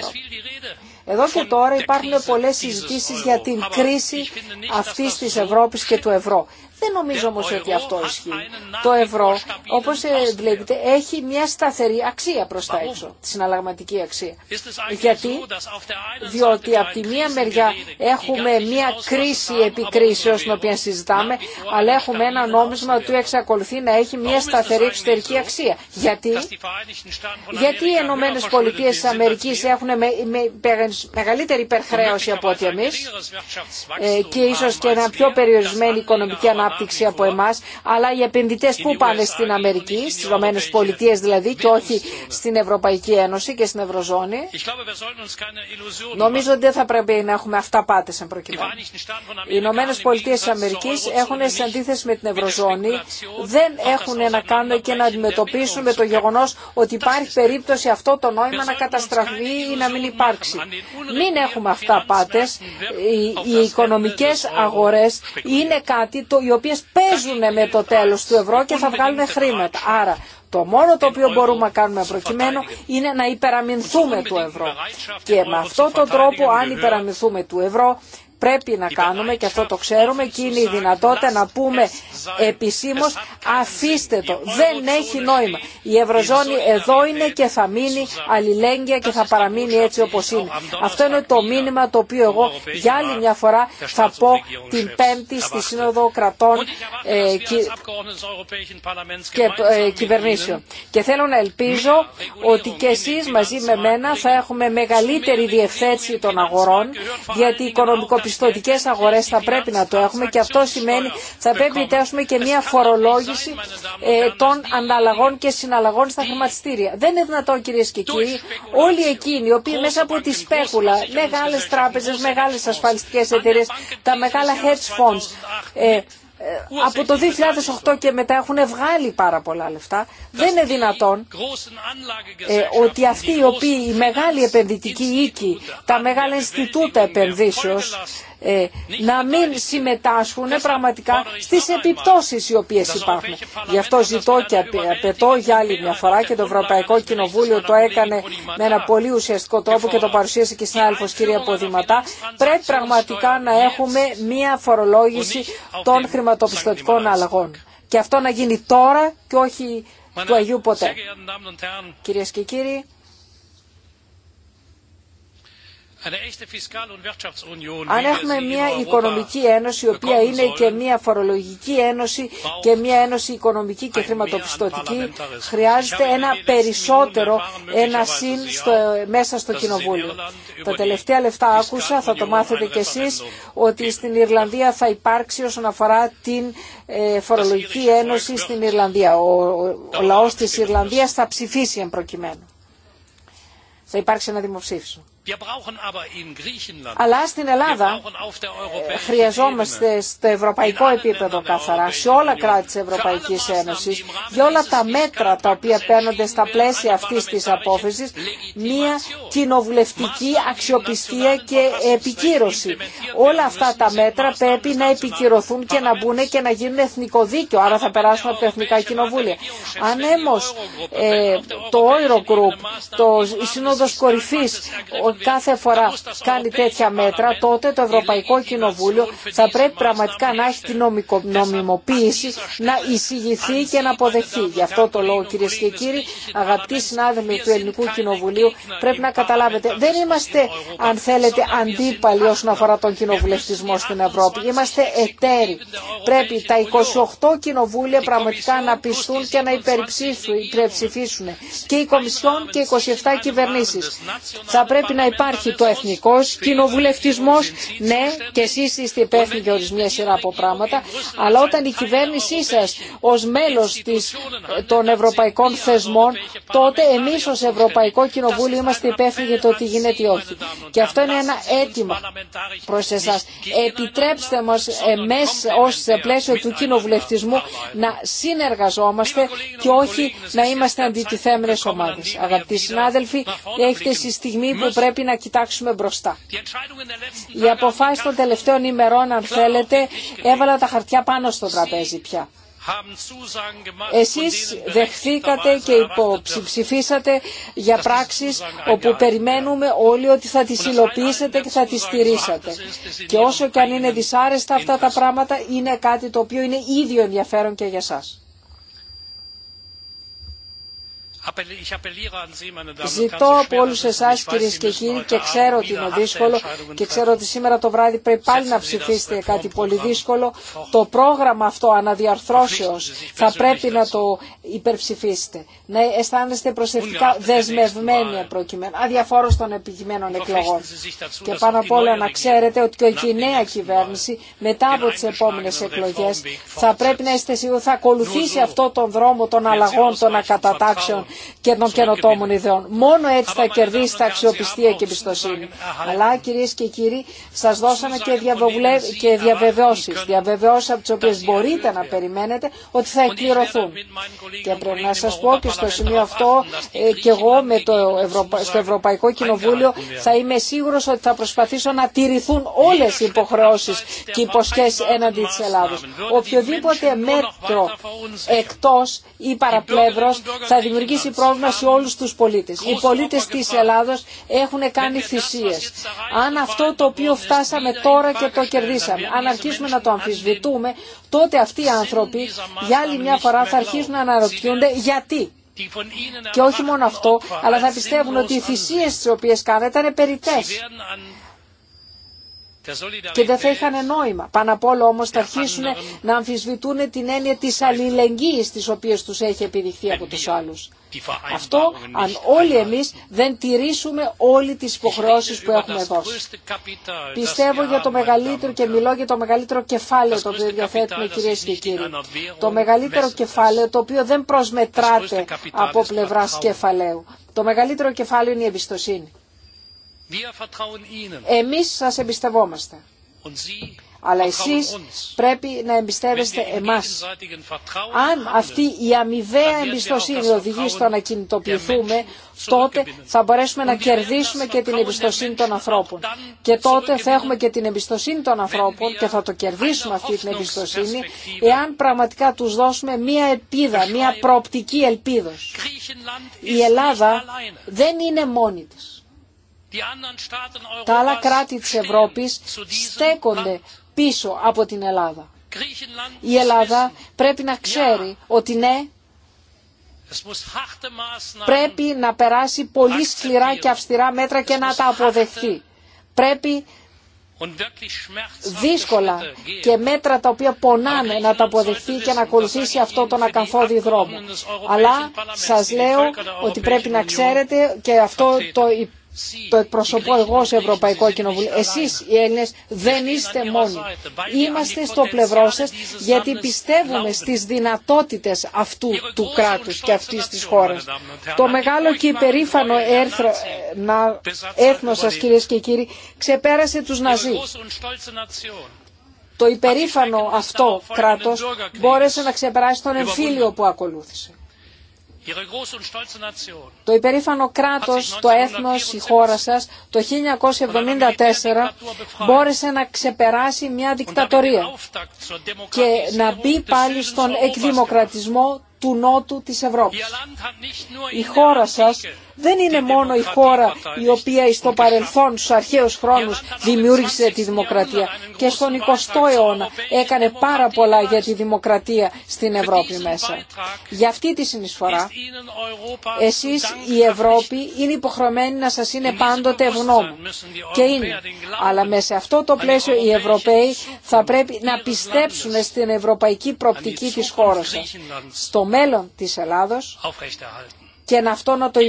Εδώ και τώρα υπάρχουν πολλές συζητήσεις για την κρίση αυτής της Ευρώπης και του ευρώ. Δεν νομίζω ε, όμως ότι αυτό ισχύει. Το ευρώ, όπως ε, βλέπετε, έχει μια σταθερή αξία προς τα έξω, τη συναλλαγματική αξία. Γιατί, διότι από τη μία μεριά έχουμε μια κρίση επικρίσεως την οποία συζητάμε, αλλά έχουμε ένα νόμισμα του εξακολουθεί να έχει μια σταθερή εξωτερική αξία. Γιατί, Γιατί οι Ηνωμένε Πολιτείε της έχουν με, μεγαλύτερη υπερχρέωση από ό,τι εμείς ε, και ίσως και ένα πιο περιορισμένη οικονομική ανάπτυξη ανάπτυξη από εμά, αλλά οι επενδυτέ που πάνε στην Αμερική, στι Ηνωμένε Πολιτείες δηλαδή και όχι στην Ευρωπαϊκή Ένωση και στην Ευρωζώνη. Νομίζω ότι δεν θα πρέπει να έχουμε αυτά πάτε εν προκειμένου. Οι Ηνωμένε πολιτείε τη Αμερική έχουν σε αντίθεση με την Ευρωζώνη, δεν έχουν να κάνουν και να αντιμετωπίσουν με το γεγονό ότι υπάρχει περίπτωση αυτό το νόημα να καταστραφεί ή να μην υπάρξει. Μην έχουμε αυτά πάτες. Οι οικονομικές αγορές είναι κάτι το οποίες παίζουν με το τέλος του ευρώ και θα βγάλουν χρήματα. Άρα το μόνο το οποίο μπορούμε να κάνουμε προκειμένου είναι να υπεραμεινθούμε του ευρώ. Και με αυτόν τον τρόπο, αν υπεραμεινθούμε του ευρώ, πρέπει να κάνουμε και αυτό το ξέρουμε και είναι η δυνατότητα να πούμε επισήμως αφήστε το, δεν έχει νόημα. Η Ευρωζώνη εδώ είναι και θα μείνει αλληλέγγυα και θα παραμείνει έτσι όπως είναι. Αυτό είναι το μήνυμα το οποίο εγώ για άλλη μια φορά θα πω την Πέμπτη στη Σύνοδο Κρατών ε, και ε, Κυβερνήσεων. Και θέλω να ελπίζω ότι και εσείς μαζί με μένα θα έχουμε μεγαλύτερη διευθέτηση των αγορών γιατί η χρηματοπιστωτικές αγορές θα πρέπει να το έχουμε και αυτό σημαίνει θα πρέπει να έχουμε και μια φορολόγηση ε, των ανταλλαγών και συναλλαγών στα χρηματιστήρια. Δεν είναι δυνατόν κυρίες και κύριοι όλοι εκείνοι οι οποίοι μέσα από τη σπέκουλα, μεγάλες τράπεζες, μεγάλες ασφαλιστικέ εταιρείε, τα μεγάλα hedge funds, ε, ε, από το 2008 και μετά έχουν βγάλει πάρα πολλά λεφτά. Δεν είναι δυνατόν ε, ότι αυτοί οι οποίοι, οι μεγάλοι επενδυτικοί οίκοι, τα μεγάλα Ινστιτούτα επενδύσεως, ε, να μην συμμετάσχουν πραγματικά στις επιπτώσεις οι οποίες υπάρχουν. Γι' αυτό ζητώ και απαιτώ για άλλη μια φορά και το Ευρωπαϊκό Κοινοβούλιο το έκανε με ένα πολύ ουσιαστικό τρόπο και το παρουσίασε και η συνάδελφος κυρία Ποδηματά. Πρέπει πραγματικά να έχουμε μια φορολόγηση των χρηματοπιστωτικών αλλαγών. Και αυτό να γίνει τώρα και όχι του Αγίου ποτέ. Κυρίες και κύριοι, αν έχουμε μια οικονομική ένωση, η οποία είναι και μια φορολογική ένωση και μια ένωση οικονομική και χρηματοπιστωτική, χρειάζεται ένα περισσότερο, ένα συν μέσα στο κοινοβούλιο. Τα τελευταία λεφτά άκουσα, θα το μάθετε κι εσείς, ότι στην Ιρλανδία θα υπάρξει όσον αφορά την ε, φορολογική ένωση στην Ιρλανδία. Ο, ο, ο λαός της Ιρλανδίας θα ψηφίσει εν προκειμένου. Θα υπάρξει ένα δημοψήφισμα. Αλλά στην Ελλάδα ε, χρειαζόμαστε στο ευρωπαϊκό επίπεδο καθαρά, σε όλα κράτη της Ευρωπαϊκής Ένωσης, για όλα τα μέτρα τα οποία παίρνονται στα πλαίσια αυτής της απόφασης, μια κοινοβουλευτική αξιοπιστία και επικύρωση. Όλα αυτά τα μέτρα πρέπει να επικυρωθούν και να μπουν και να γίνουν εθνικό δίκαιο, άρα θα περάσουν από τα εθνικά κοινοβούλια. Αν όμω ε, το Eurogroup, το, η Σύνοδος Κορυφής, κάθε φορά κάνει τέτοια μέτρα, τότε το Ευρωπαϊκό Κοινοβούλιο θα πρέπει πραγματικά να έχει την νομιμοποίηση, να εισηγηθεί και να αποδεχθεί. Γι' αυτό το λόγο κυρίε και κύριοι, αγαπητοί συνάδελφοι του Ελληνικού Κοινοβουλίου, πρέπει να καταλάβετε, δεν είμαστε αν θέλετε αντίπαλοι όσον αφορά τον κοινοβουλευτισμό στην Ευρώπη. Είμαστε εταίροι. Πρέπει τα 28 κοινοβούλια πραγματικά να πιστούν και να υπερψηφίσουν και οι Κομισιόν και 27 κυβερνήσει. Θα πρέπει να υπάρχει το εθνικό κοινοβουλευτισμό. Ναι, και εσεί είστε υπεύθυνοι για μια σειρά από πράγματα, αλλά όταν η κυβέρνησή σα, ω μέλο ε, των ευρωπαϊκών θεσμών, τότε εμεί ω Ευρωπαϊκό Κοινοβούλιο είμαστε υπεύθυνοι για το ότι γίνεται ή όχι. Και αυτό είναι ένα αίτημα προ εσά. Επιτρέψτε μα μέσα ω πλαίσιο του κοινοβουλευτισμού να συνεργαζόμαστε και όχι να είμαστε αντιτιθέμενε ομάδε. Αγαπητοί συνάδελφοι, έχετε στη στιγμή που πρέπει πρέπει να κοιτάξουμε μπροστά. Οι αποφάσει των τελευταίων ημερών, αν θέλετε, έβαλα τα χαρτιά πάνω στο τραπέζι πια. Εσείς δεχθήκατε και uh, υποψηφίσατε για πράξεις όπου περιμένουμε όλοι ότι θα τις υλοποιήσετε και θα τις στηρίσατε. Και όσο και αν είναι δυσάρεστα αυτά τα πράγματα, είναι κάτι το οποίο είναι ίδιο ενδιαφέρον και για σας. Ζητώ από όλου εσά, κύριε και κύριοι και ξέρω ότι είναι δύσκολο και ξέρω ότι σήμερα το βράδυ πρέπει πάλι να ψηφίσετε κάτι πολύ δύσκολο. Το πρόγραμμα αυτό αναδιαρθρώσεως θα πρέπει να το υπερψηφίσετε. Να αισθάνεστε προσεκτικά δεσμευμένοι προκειμένου, αδιαφόρο των επικειμένων εκλογών. Και πάνω απ' όλα να ξέρετε ότι και η νέα κυβέρνηση μετά από τι επόμενε εκλογέ θα πρέπει να είστε σίγουροι θα ακολουθήσει αυτό τον δρόμο των αλλαγών, των ακατατάξεων και των καινοτόμων ιδεών. Μόνο έτσι θα κερδίσει τα αξιοπιστία και εμπιστοσύνη. Αλλά κυρίε και κύριοι, σα δώσαμε και, διαβεβλε... και διαβεβαιώσει. Διαβεβαιώσει από τι οποίε μπορείτε να περιμένετε ότι θα εκπληρωθούν. Και πρέπει να σα πω και στο σημείο αυτό, και εγώ με το στο Ευρωπαϊκό Κοινοβούλιο θα είμαι σίγουρο ότι θα προσπαθήσω να τηρηθούν όλε οι υποχρεώσει και υποσχέσει έναντι τη Ελλάδο. Οποιοδήποτε μέτρο εκτό ή παραπλεύρο θα δημιουργήσει δημιουργήσει πρόβλημα σε όλους τους πολίτες. Οι πολίτες της Ελλάδος έχουν κάνει θυσίες. Αν αυτό το οποίο φτάσαμε τώρα και το κερδίσαμε, αν αρχίσουμε να το αμφισβητούμε, τότε αυτοί οι άνθρωποι για άλλη μια φορά θα αρχίσουν να αναρωτιούνται γιατί. Και όχι μόνο αυτό, αλλά θα πιστεύουν ότι οι θυσίες τις οποίες κάνατε ήταν και δεν θα είχαν νόημα. Πάνω απ' όλο όμως θα αρχίσουν να αμφισβητούν την έννοια της αλληλεγγύης της οποίας τους έχει επιδειχθεί από τους άλλους. Αυτό αν όλοι εμείς δεν τηρήσουμε όλοι τις υποχρεώσεις που έχουμε δώσει. Πιστεύω για το μεγαλύτερο και μιλώ για το μεγαλύτερο κεφάλαιο το οποίο διαθέτουμε κυρίες και κύριοι. Το μεγαλύτερο κεφάλαιο το οποίο δεν προσμετράται από πλευράς κεφαλαίου. Το μεγαλύτερο κεφάλαιο είναι η εμπιστοσύνη. Εμείς σας εμπιστευόμαστε. Αλλά εσείς πρέπει να εμπιστεύεστε εμάς. Αν αυτή η αμοιβαία εμπιστοσύνη οδηγεί στο να κινητοποιηθούμε, τότε θα μπορέσουμε να κερδίσουμε και την εμπιστοσύνη των ανθρώπων. Και τότε θα έχουμε και την εμπιστοσύνη των ανθρώπων και θα το κερδίσουμε αυτή την εμπιστοσύνη, εάν πραγματικά τους δώσουμε μία ελπίδα, μία προοπτική ελπίδος. Η Ελλάδα δεν είναι μόνη της. Τα άλλα κράτη της Ευρώπης στέκονται πίσω από την Ελλάδα. Η Ελλάδα πρέπει να ξέρει ότι ναι, πρέπει να περάσει πολύ σκληρά και αυστηρά μέτρα και να τα αποδεχθεί. Πρέπει δύσκολα και μέτρα τα οποία πονάνε να τα αποδεχθεί και να ακολουθήσει αυτό τον ακαθόδη δρόμο. Αλλά σας λέω ότι πρέπει να ξέρετε και αυτό το το εκπροσωπώ εγώ σε Ευρωπαϊκό Κοινοβούλιο. Εσείς οι Έλληνε, δεν είστε μόνοι. Είμαστε στο πλευρό σα, γιατί πιστεύουμε στις δυνατότητες αυτού του κράτους και αυτής της χώρας. Το μεγάλο και υπερήφανο έθνο σα, κύριε και κύριοι ξεπέρασε τους Ναζί. Το υπερήφανο αυτό κράτος μπόρεσε να ξεπεράσει τον εμφύλιο που ακολούθησε. Το υπερήφανο κράτος, το έθνος, η χώρα σας, το 1974 μπόρεσε να ξεπεράσει μια δικτατορία και να μπει πάλι στον εκδημοκρατισμό του Νότου της Ευρώπης. Η χώρα σας δεν είναι μόνο η χώρα η οποία στο παρελθόν στους αρχαίους χρόνους δημιούργησε τη δημοκρατία και στον 20ο αιώνα έκανε πάρα πολλά για τη δημοκρατία στην Ευρώπη μέσα. Για αυτή τη συνεισφορά εσείς η Ευρώπη είναι υποχρεωμένη να σας είναι πάντοτε ευγνώμων και είναι. Αλλά μέσα σε αυτό το πλαίσιο οι Ευρωπαίοι θα πρέπει να πιστέψουν στην ευρωπαϊκή προπτική της χώρας Στο μέλλον της Ελλάδος και να αυτό να το,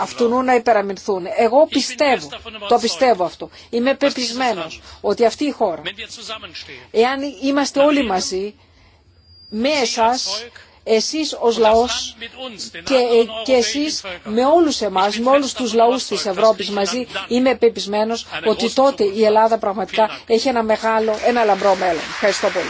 αυτού να υπεραμεινθούν. Εγώ πιστεύω, το πιστεύω αυτό. Είμαι πεπισμένο ότι αυτή η χώρα, εάν είμαστε όλοι μαζί, με εσείς ως λαός και, ε- και εσείς με όλους εμάς, με όλους τους λαούς της Ευρώπης μαζί, είμαι πεπισμένος ότι τότε η Ελλάδα πραγματικά έχει ένα μεγάλο, ένα λαμπρό μέλλον. Ευχαριστώ πολύ.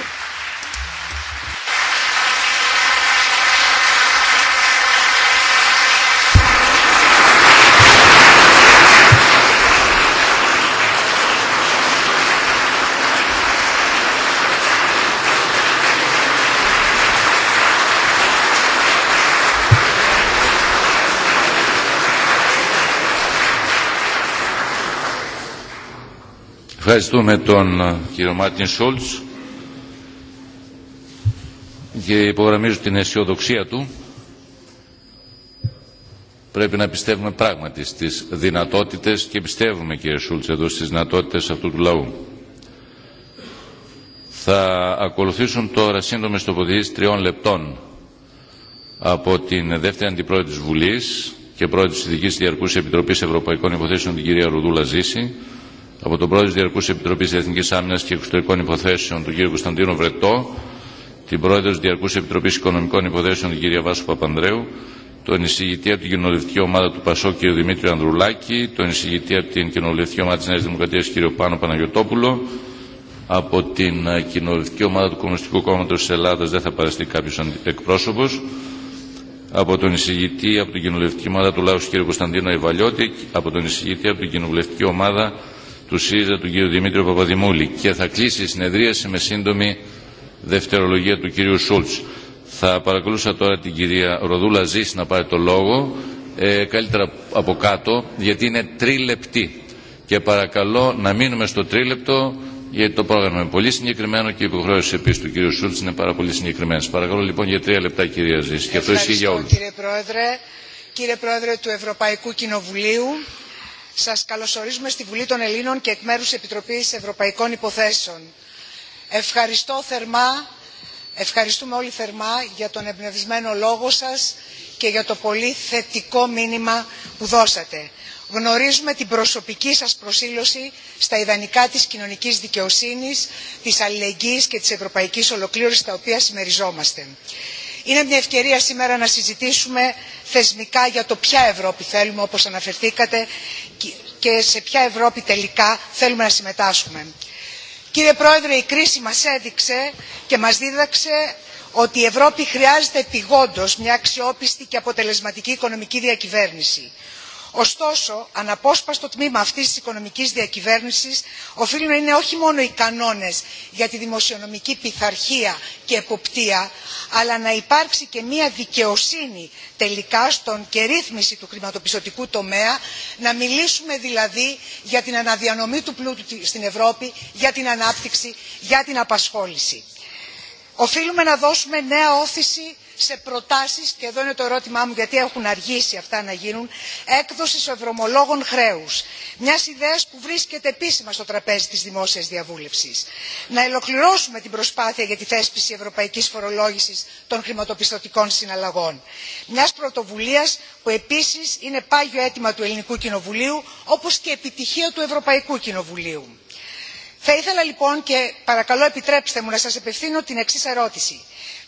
Ευχαριστούμε τον ε, κύριο Μάρτιν Σόλτς και υπογραμμίζω την αισιοδοξία του. Πρέπει να πιστεύουμε πράγματι στις δυνατότητες και πιστεύουμε κύριε Σούλτς εδώ στις δυνατότητες αυτού του λαού. Θα ακολουθήσουν τώρα σύντομε τοποθετήσεις τριών λεπτών από την δεύτερη αντιπρόεδρο της Βουλής και πρόεδρο της Ειδικής Διαρκούς Επιτροπής Ευρωπαϊκών Υποθέσεων την κυρία Ρουδούλα Ζήση από τον πρόεδρο τη Διαρκού Επιτροπή Εθνική Άμυνα και Εξωτερικών Υποθέσεων, τον κύριο Κωνσταντίνο Βρετό, την πρόεδρο τη Διαρκού Επιτροπή Οικονομικών Υποθέσεων, την κυρία Βάσου Παπανδρέου, τον εισηγητή από την κοινοβουλευτική ομάδα του Πασό, κύριο Δημήτρη Ανδρουλάκη, τον εισηγητή από την κοινοβουλευτική ομάδα τη Νέα Δημοκρατία, κύριο Πάνο Παναγιοτόπουλο, από την ε, κοινοβουλευτική ομάδα του Κομμουνιστικού Κόμματο τη Ελλάδα δεν θα παραστεί κάποιο εκπρόσωπο, από τον εισηγητή από την κοινοβουλευτική ομάδα του Λάου, κύριο Κωνσταντίνο Ιβαλιώτη, από τον εισηγητή από την κοινοβουλευτική ομάδα του ΣΥΡΙΖΑ του κ. Δημήτρη Παπαδημούλη και θα κλείσει η συνεδρίαση με σύντομη δευτερολογία του κ. Σούλτς. Θα παρακολούσα τώρα την κυρία Ροδούλα Ζήση να πάρει το λόγο, ε, καλύτερα από κάτω, γιατί είναι τρίλεπτη. Και παρακαλώ να μείνουμε στο τρίλεπτο, γιατί το πρόγραμμα είναι πολύ συγκεκριμένο και η υποχρέωση επίση του κ. Σούλτ είναι πάρα πολύ συγκεκριμένε. Παρακαλώ λοιπόν για τρία λεπτά, κυρία Ζήση, και αυτό ισχύει για όλου. Κύριε Πρόεδρε, κύριε Πρόεδρε του Ευρωπαϊκού Κοινοβουλίου, σας καλωσορίζουμε στη Βουλή των Ελλήνων και εκ μέρους Επιτροπής Ευρωπαϊκών Υποθέσεων. Ευχαριστώ θερμά, ευχαριστούμε όλοι θερμά για τον εμπνευσμένο λόγο σας και για το πολύ θετικό μήνυμα που δώσατε. Γνωρίζουμε την προσωπική σας προσήλωση στα ιδανικά της κοινωνικής δικαιοσύνης, της αλληλεγγύης και της ευρωπαϊκής ολοκλήρωσης, τα οποία συμμεριζόμαστε είναι μια ευκαιρία σήμερα να συζητήσουμε θεσμικά για το ποια Ευρώπη θέλουμε, όπως αναφερθήκατε, και σε ποια Ευρώπη τελικά θέλουμε να συμμετάσχουμε. Κύριε Πρόεδρε, η κρίση μας έδειξε και μας δίδαξε ότι η Ευρώπη χρειάζεται επιγόντως μια αξιόπιστη και αποτελεσματική οικονομική διακυβέρνηση Ωστόσο, αναπόσπαστο τμήμα αυτής της οικονομικής διακυβέρνησης οφείλει να είναι όχι μόνο οι κανόνες για τη δημοσιονομική πειθαρχία και εποπτεία, αλλά να υπάρξει και μια δικαιοσύνη τελικά στον και ρύθμιση του χρηματοπιστωτικού τομέα, να μιλήσουμε δηλαδή για την αναδιανομή του πλούτου στην Ευρώπη, για την ανάπτυξη, για την απασχόληση. Οφείλουμε να δώσουμε νέα όθηση σε προτάσεις, και εδώ είναι το ερώτημά μου γιατί έχουν αργήσει αυτά να γίνουν, έκδοσης ευρωμολόγων χρέους. Μια ιδέα που βρίσκεται επίσημα στο τραπέζι της δημόσιας διαβούλευσης. Να ελοκληρώσουμε την προσπάθεια για τη θέσπιση ευρωπαϊκής φορολόγησης των χρηματοπιστωτικών συναλλαγών. Μιας πρωτοβουλίας που επίσης είναι πάγιο αίτημα του Ελληνικού Κοινοβουλίου, όπως και επιτυχία του Ευρωπαϊκού Κοινοβουλίου. Θα ήθελα λοιπόν και παρακαλώ επιτρέψτε μου να σας επευθύνω την εξής ερώτηση.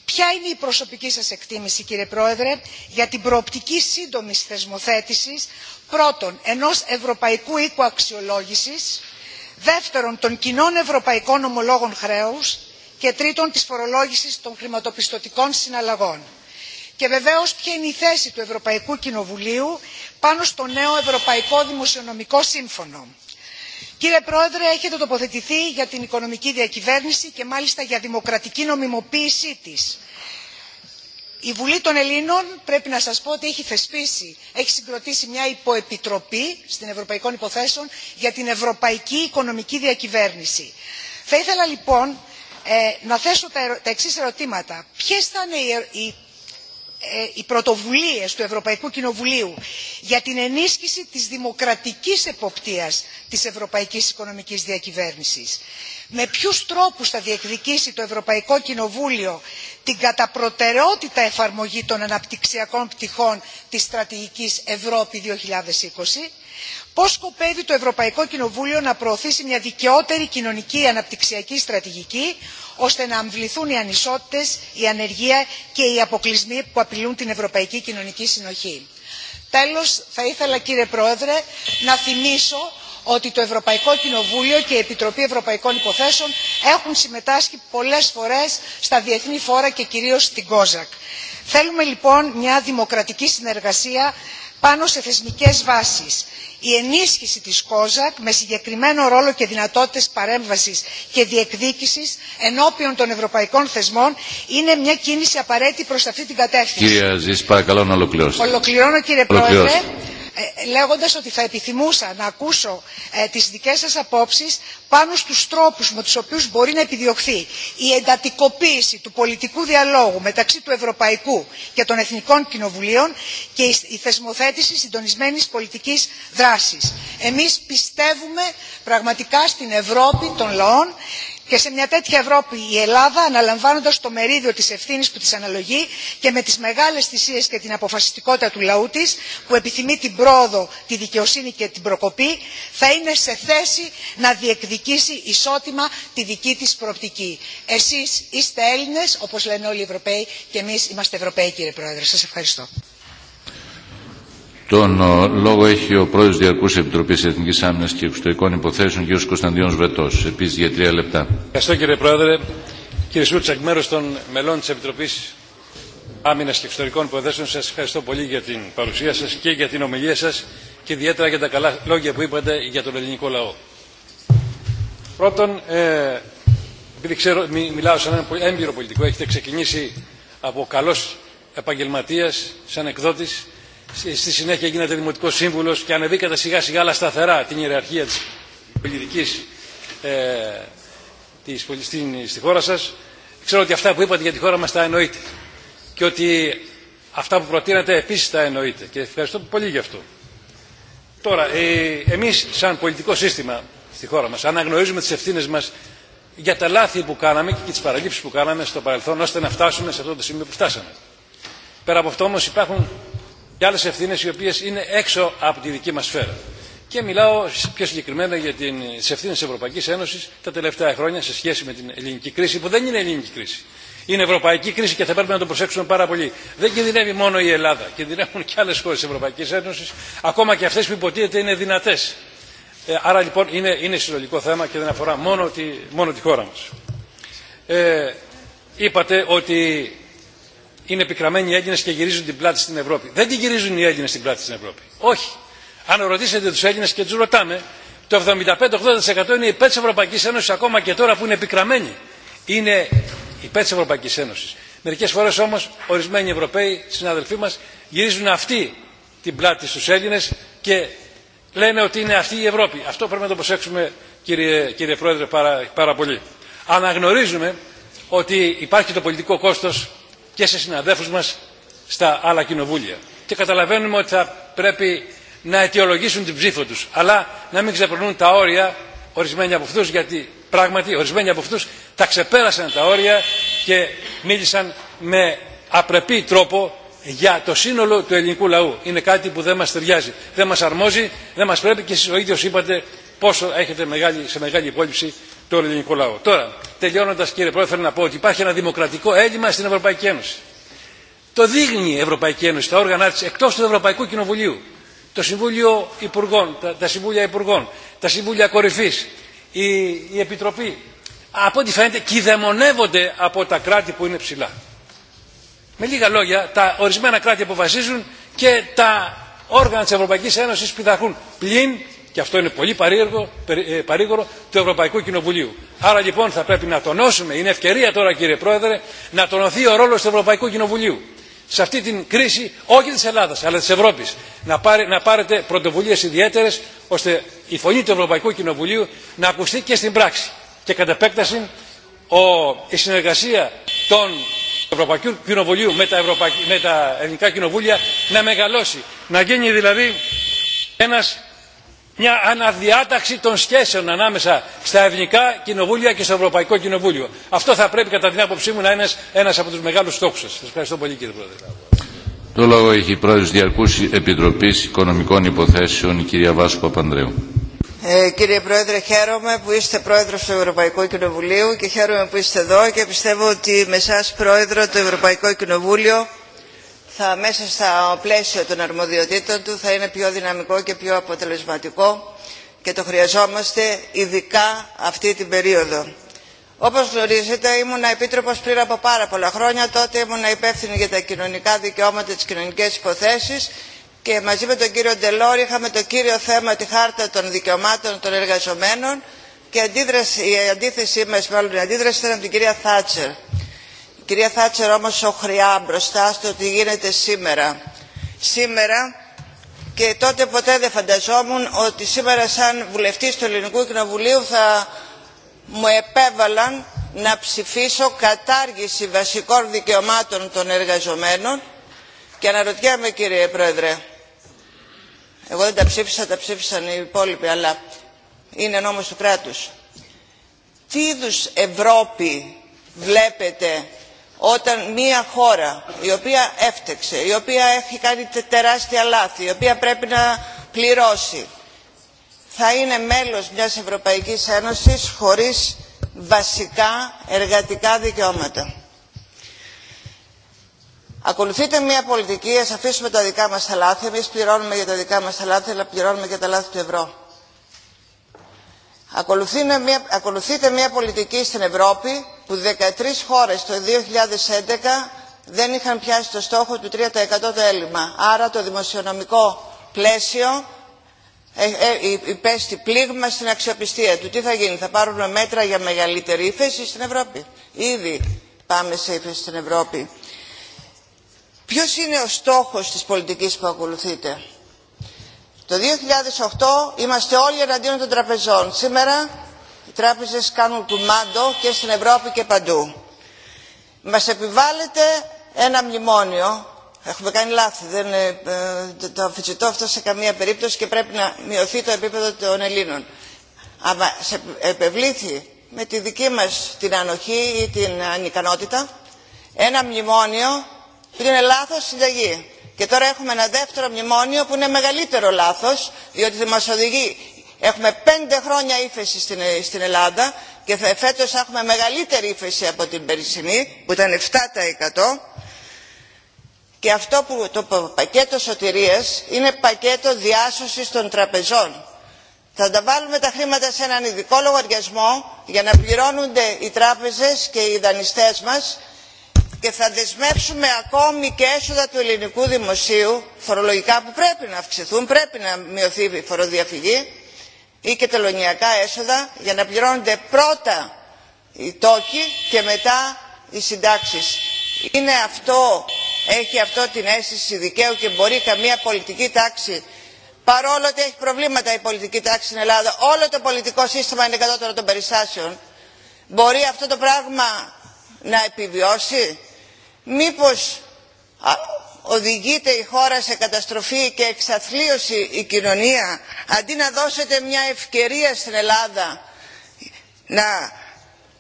Ποια είναι η προσωπική σας εκτίμηση κύριε Πρόεδρε για την προοπτική σύντομης θεσμοθέτησης πρώτον ενός ευρωπαϊκού οίκου αξιολόγησης, δεύτερον των κοινών ευρωπαϊκών ομολόγων χρέους και τρίτον της φορολόγησης των χρηματοπιστωτικών συναλλαγών. Και βεβαίως ποια είναι η θέση του Ευρωπαϊκού Κοινοβουλίου πάνω στο νέο Ευρωπαϊκό Δημοσιονομικό Σύμφωνο. Κύριε Πρόεδρε, έχετε τοποθετηθεί για την οικονομική διακυβέρνηση και μάλιστα για δημοκρατική νομιμοποίησή της. Η Βουλή των Ελλήνων, πρέπει να σας πω ότι έχει θεσπίσει, έχει συγκροτήσει μια υποεπιτροπή στην Ευρωπαϊκών Υποθέσεων για την Ευρωπαϊκή Οικονομική Διακυβέρνηση. Θα ήθελα λοιπόν ε, να θέσω τα, τα εξή ερωτήματα. Ποιες θα είναι οι ε, οι πρωτοβουλίες του Ευρωπαϊκού Κοινοβουλίου για την ενίσχυση της δημοκρατικής εποπτείας της ευρωπαϊκής οικονομικής διακυβέρνησης. Με ποιους τρόπους θα διεκδικήσει το Ευρωπαϊκό Κοινοβούλιο την καταπροτεραιότητα εφαρμογή των αναπτυξιακών πτυχών της στρατηγικής Ευρώπη 2020 πώς σκοπεύει το ευρωπαϊκό κοινοβούλιο να προωθήσει μια δικαιότερη κοινωνική αναπτυξιακή στρατηγική ώστε να αμβληθούν οι ανισότητες, η ανεργία και οι αποκλεισμοί που απειλούν την ευρωπαϊκή κοινωνική συνοχή. Τέλος, θα ήθελα κύριε Πρόεδρε να θυμίσω ότι το Ευρωπαϊκό Κοινοβούλιο και η Επιτροπή Ευρωπαϊκών Υποθέσεων έχουν συμμετάσχει πολλές φορές στα διεθνή φόρα και κυρίως στην ΚΟΖΑΚ. Θέλουμε λοιπόν μια δημοκρατική συνεργασία πάνω σε θεσμικές βάσεις. Η ενίσχυση της ΚΟΖΑΚ με συγκεκριμένο ρόλο και δυνατότητες παρέμβασης και διεκδίκησης ενώπιον των ευρωπαϊκών θεσμών είναι μια κίνηση απαραίτητη προς αυτή την κατεύθυνση. Κύριε Ζήση, παρακαλώ να ολοκληρώσετε. Ολοκληρώνω κύριε Πρόεδρε. Ε, ε, λέγοντας ότι θα επιθυμούσα να ακούσω ε, τις δικές σας απόψεις πάνω στους τρόπους με τους οποίους μπορεί να επιδιωχθεί η εντατικοποίηση του πολιτικού διαλόγου μεταξύ του Ευρωπαϊκού και των Εθνικών Κοινοβουλίων και η θεσμοθέτηση συντονισμένης πολιτικής δράσης. Εμείς πιστεύουμε πραγματικά στην Ευρώπη των λαών και σε μια τέτοια Ευρώπη η Ελλάδα αναλαμβάνοντας το μερίδιο της ευθύνης που της αναλογεί και με τις μεγάλες θυσίες και την αποφασιστικότητα του λαού της που επιθυμεί την πρόοδο, τη δικαιοσύνη και την προκοπή θα είναι σε θέση να διεκδικήσει ισότιμα τη δική της προοπτική. Εσείς είστε Έλληνες όπως λένε όλοι οι Ευρωπαίοι και εμείς είμαστε Ευρωπαίοι κύριε Πρόεδρε. Σας ευχαριστώ. Τον λόγο έχει ο πρόεδρος Διαρκούς Επιτροπής Εθνικής Άμυνας και Εξωτερικών Υποθέσεων, κ. Κωνσταντίνος Βρετός. Επίσης για τρία λεπτά. Ευχαριστώ κύριε Πρόεδρε. Κύριε Σούτσα, εκ μέρου των μελών της Επιτροπής Άμυνας και Εξωτερικών Υποθέσεων, σας ευχαριστώ πολύ για την παρουσία σας και για την ομιλία σας και ιδιαίτερα για τα καλά λόγια που είπατε για τον ελληνικό λαό. Πρώτον, ε, επειδή ξέρω, μιλάω σαν έναν έμπειρο πολιτικό, έχετε ξεκινήσει από καλός επαγγελματίας, σαν εκδότης, στη συνέχεια γίνεται δημοτικό σύμβουλο και ανεβήκατε σιγά σιγά αλλά σταθερά την ιεραρχία τη πολιτική ε, της, στην, στη χώρα σα. Ξέρω ότι αυτά που είπατε για τη χώρα μας τα εννοείτε. Και ότι αυτά που προτείνατε επίσης τα εννοείτε. Και ευχαριστώ πολύ γι' αυτό. Τώρα, ε, εμεί σαν πολιτικό σύστημα στη χώρα μας αναγνωρίζουμε τις ευθύνε μας για τα λάθη που κάναμε και τις παραλήψεις που κάναμε στο παρελθόν ώστε να φτάσουμε σε αυτό το σημείο που φτάσαμε. Πέρα από αυτό όμω υπάρχουν και άλλες ευθύνες οι οποίες είναι έξω από τη δική μας σφαίρα. Και μιλάω πιο συγκεκριμένα για τι ευθύνε της Ευρωπαϊκή Ένωση τα τελευταία χρόνια σε σχέση με την ελληνική κρίση, που δεν είναι ελληνική κρίση. Είναι ευρωπαϊκή κρίση και θα πρέπει να το προσέξουμε πάρα πολύ. Δεν κινδυνεύει μόνο η Ελλάδα, κινδυνεύουν και άλλες χώρες της Ευρωπαϊκής Ένωσης. ακόμα και αυτές που υποτίθεται είναι δυνατέ. Ε, άρα λοιπόν είναι, είναι συλλογικό θέμα και δεν αφορά μόνο τη, μόνο τη χώρα μα. Ε, είπατε ότι είναι επικραμμένοι οι Έλληνε και γυρίζουν την πλάτη στην Ευρώπη. Δεν την γυρίζουν οι Έλληνε την πλάτη στην Ευρώπη. Όχι. Αν ρωτήσετε του Έλληνε και του ρωτάμε, το 75-80% είναι υπέρ τη Ευρωπαϊκή Ένωση ακόμα και τώρα που είναι επικραμμένοι. Είναι υπέρ τη Ευρωπαϊκή Ένωση. Μερικέ φορέ όμω ορισμένοι Ευρωπαίοι συναδελφοί μα γυρίζουν αυτή την πλάτη στου Έλληνε και λένε ότι είναι αυτή η Ευρώπη. Αυτό πρέπει να το προσέξουμε κύριε, κύριε Πρόεδρε πάρα, πάρα πολύ. Αναγνωρίζουμε ότι υπάρχει το πολιτικό κόστος και σε συναδέλφους μας στα άλλα κοινοβούλια. Και καταλαβαίνουμε ότι θα πρέπει να αιτιολογήσουν την ψήφο τους, αλλά να μην ξεπερνούν τα όρια ορισμένοι από αυτούς, γιατί πράγματι ορισμένοι από αυτούς τα ξεπέρασαν τα όρια και μίλησαν με απρεπή τρόπο για το σύνολο του ελληνικού λαού. Είναι κάτι που δεν μας ταιριάζει, δεν μας αρμόζει, δεν μας πρέπει και εσείς ο ίδιος είπατε πόσο έχετε μεγάλη, σε μεγάλη υπόλοιψη Τώρα, τελειώνοντα κύριε Πρόεδρε, να πω ότι υπάρχει ένα δημοκρατικό έλλειμμα στην Ευρωπαϊκή Ένωση. Το δείχνει η Ευρωπαϊκή Ένωση, τα όργανα τη εκτό του Ευρωπαϊκού Κοινοβουλίου. Το Συμβούλιο Υπουργών, τα, τα Συμβούλια Υπουργών, τα Συμβούλια Κορυφή, η, η Επιτροπή. Από ό,τι φαίνεται κυδαιμονεύονται από τα κράτη που είναι ψηλά. Με λίγα λόγια, τα ορισμένα κράτη αποφασίζουν και τα όργανα τη Ευρωπαϊκή Ένωση πειθαρχούν πλην και αυτό είναι πολύ παρήγορο, ε, παρήγορο του Ευρωπαϊκού Κοινοβουλίου. Άρα λοιπόν θα πρέπει να τονώσουμε, είναι ευκαιρία τώρα κύριε Πρόεδρε, να τονωθεί ο ρόλος του Ευρωπαϊκού Κοινοβουλίου. Σε αυτή την κρίση, όχι της Ελλάδας, αλλά της Ευρώπης, να, πάρετε πρωτοβουλίες ιδιαίτερες, ώστε η φωνή του Ευρωπαϊκού Κοινοβουλίου να ακουστεί και στην πράξη. Και κατά επέκταση, ο, η συνεργασία των Ευρωπαϊκού Κοινοβουλίου με τα, με τα Ελληνικά Κοινοβούλια να μεγαλώσει. Να γίνει δηλαδή ένας μια αναδιάταξη των σχέσεων ανάμεσα στα εθνικά κοινοβούλια και στο Ευρωπαϊκό Κοινοβούλιο. Αυτό θα πρέπει κατά την άποψή μου να είναι ένας από τους μεγάλους στόχους σας. Σας ευχαριστώ πολύ κύριε Πρόεδρε. Το λόγο έχει η Πρόεδρος Διαρκούς Επιτροπής Οικονομικών Υποθέσεων, η κυρία Βάσου Παπανδρέου. Ε, κύριε Πρόεδρε, χαίρομαι που είστε πρόεδρος του Ευρωπαϊκού Κοινοβουλίου και χαίρομαι που είστε εδώ και πιστεύω ότι με εσάς πρόεδρο το Ευρωπαϊκό Κοινοβούλιο θα, μέσα στο πλαίσιο των αρμοδιοτήτων του θα είναι πιο δυναμικό και πιο αποτελεσματικό και το χρειαζόμαστε ειδικά αυτή την περίοδο. Όπως γνωρίζετε ήμουν επίτροπος πριν από πάρα πολλά χρόνια, τότε ήμουν υπεύθυνη για τα κοινωνικά δικαιώματα, τις κοινωνικές υποθέσεις και μαζί με τον κύριο Ντελόρ είχαμε το κύριο θέμα τη χάρτα των δικαιωμάτων των εργαζομένων και η αντίθεσή μας, μάλλον η αντίδραση ήταν από την κυρία Θάτσερ. Κυρία Θάτσερ όμως οχριά μπροστά στο ότι γίνεται σήμερα. Σήμερα και τότε ποτέ δεν φανταζόμουν ότι σήμερα σαν βουλευτής του Ελληνικού Κοινοβουλίου θα μου επέβαλαν να ψηφίσω κατάργηση βασικών δικαιωμάτων των εργαζομένων και αναρωτιέμαι κύριε Πρόεδρε, εγώ δεν τα ψήφισα, τα ψήφισαν οι υπόλοιποι, αλλά είναι νόμος του κράτους. Τι είδου Ευρώπη βλέπετε όταν μια χώρα η οποία έφτεξε, η οποία έχει κάνει τεράστια λάθη, η οποία πρέπει να πληρώσει, θα είναι μέλος μιας Ευρωπαϊκής Ένωσης χωρίς βασικά εργατικά δικαιώματα. Ακολουθείτε μια πολιτική, ας αφήσουμε τα δικά μας τα λάθη, εμείς πληρώνουμε για τα δικά μας τα λάθη, αλλά πληρώνουμε και τα λάθη του ευρώ. Ακολουθείτε μια, ακολουθείτε μια πολιτική στην Ευρώπη που 13 χώρες το 2011 δεν είχαν πιάσει το στόχο του 3% το έλλειμμα. Άρα το δημοσιονομικό πλαίσιο ε, ε, ε, υπέστη πλήγμα στην αξιοπιστία του. Τι θα γίνει, θα πάρουν μέτρα για μεγαλύτερη ύφεση στην Ευρώπη. Ήδη πάμε σε ύφεση στην Ευρώπη. Ποιος είναι ο στόχος της πολιτικής που ακολουθείτε. Το 2008 είμαστε όλοι εναντίον των τραπεζών. Σήμερα τράπεζες κάνουν κουμάντο και στην Ευρώπη και παντού. Μας επιβάλλεται ένα μνημόνιο. Έχουμε κάνει λάθη. Δεν, ε, ε, το αφιτσιτώ αυτό σε καμία περίπτωση και πρέπει να μειωθεί το επίπεδο των Ελλήνων. Αλλά σε επευλήθη με τη δική μας την ανοχή ή την ανικανότητα ένα μνημόνιο που είναι λάθος συνταγή. Και τώρα έχουμε ένα δεύτερο μνημόνιο που είναι μεγαλύτερο λάθος, διότι μας οδηγεί Έχουμε πέντε χρόνια ύφεση στην, ε, στην Ελλάδα και φέτος έχουμε μεγαλύτερη ύφεση από την περσινή που ήταν 7% και αυτό που το πακέτο σωτηρίας είναι πακέτο διάσωσης των τραπεζών. Θα τα βάλουμε τα χρήματα σε έναν ειδικό λογαριασμό για να πληρώνονται οι τράπεζες και οι δανειστές μας και θα δεσμεύσουμε ακόμη και έσοδα του ελληνικού δημοσίου φορολογικά που πρέπει να αυξηθούν, πρέπει να μειωθεί η φοροδιαφυγή ή και τελωνιακά έσοδα για να πληρώνονται πρώτα οι τόκοι και μετά οι συντάξεις. Είναι αυτό, έχει αυτό την αίσθηση δικαίου και μπορεί καμία πολιτική τάξη παρόλο ότι έχει προβλήματα η πολιτική τάξη στην Ελλάδα, όλο το πολιτικό σύστημα είναι κατώτερο των περιστάσεων, μπορεί αυτό το πράγμα να επιβιώσει. Μήπως οδηγείται η χώρα σε καταστροφή και εξαθλίωση η κοινωνία αντί να δώσετε μια ευκαιρία στην Ελλάδα να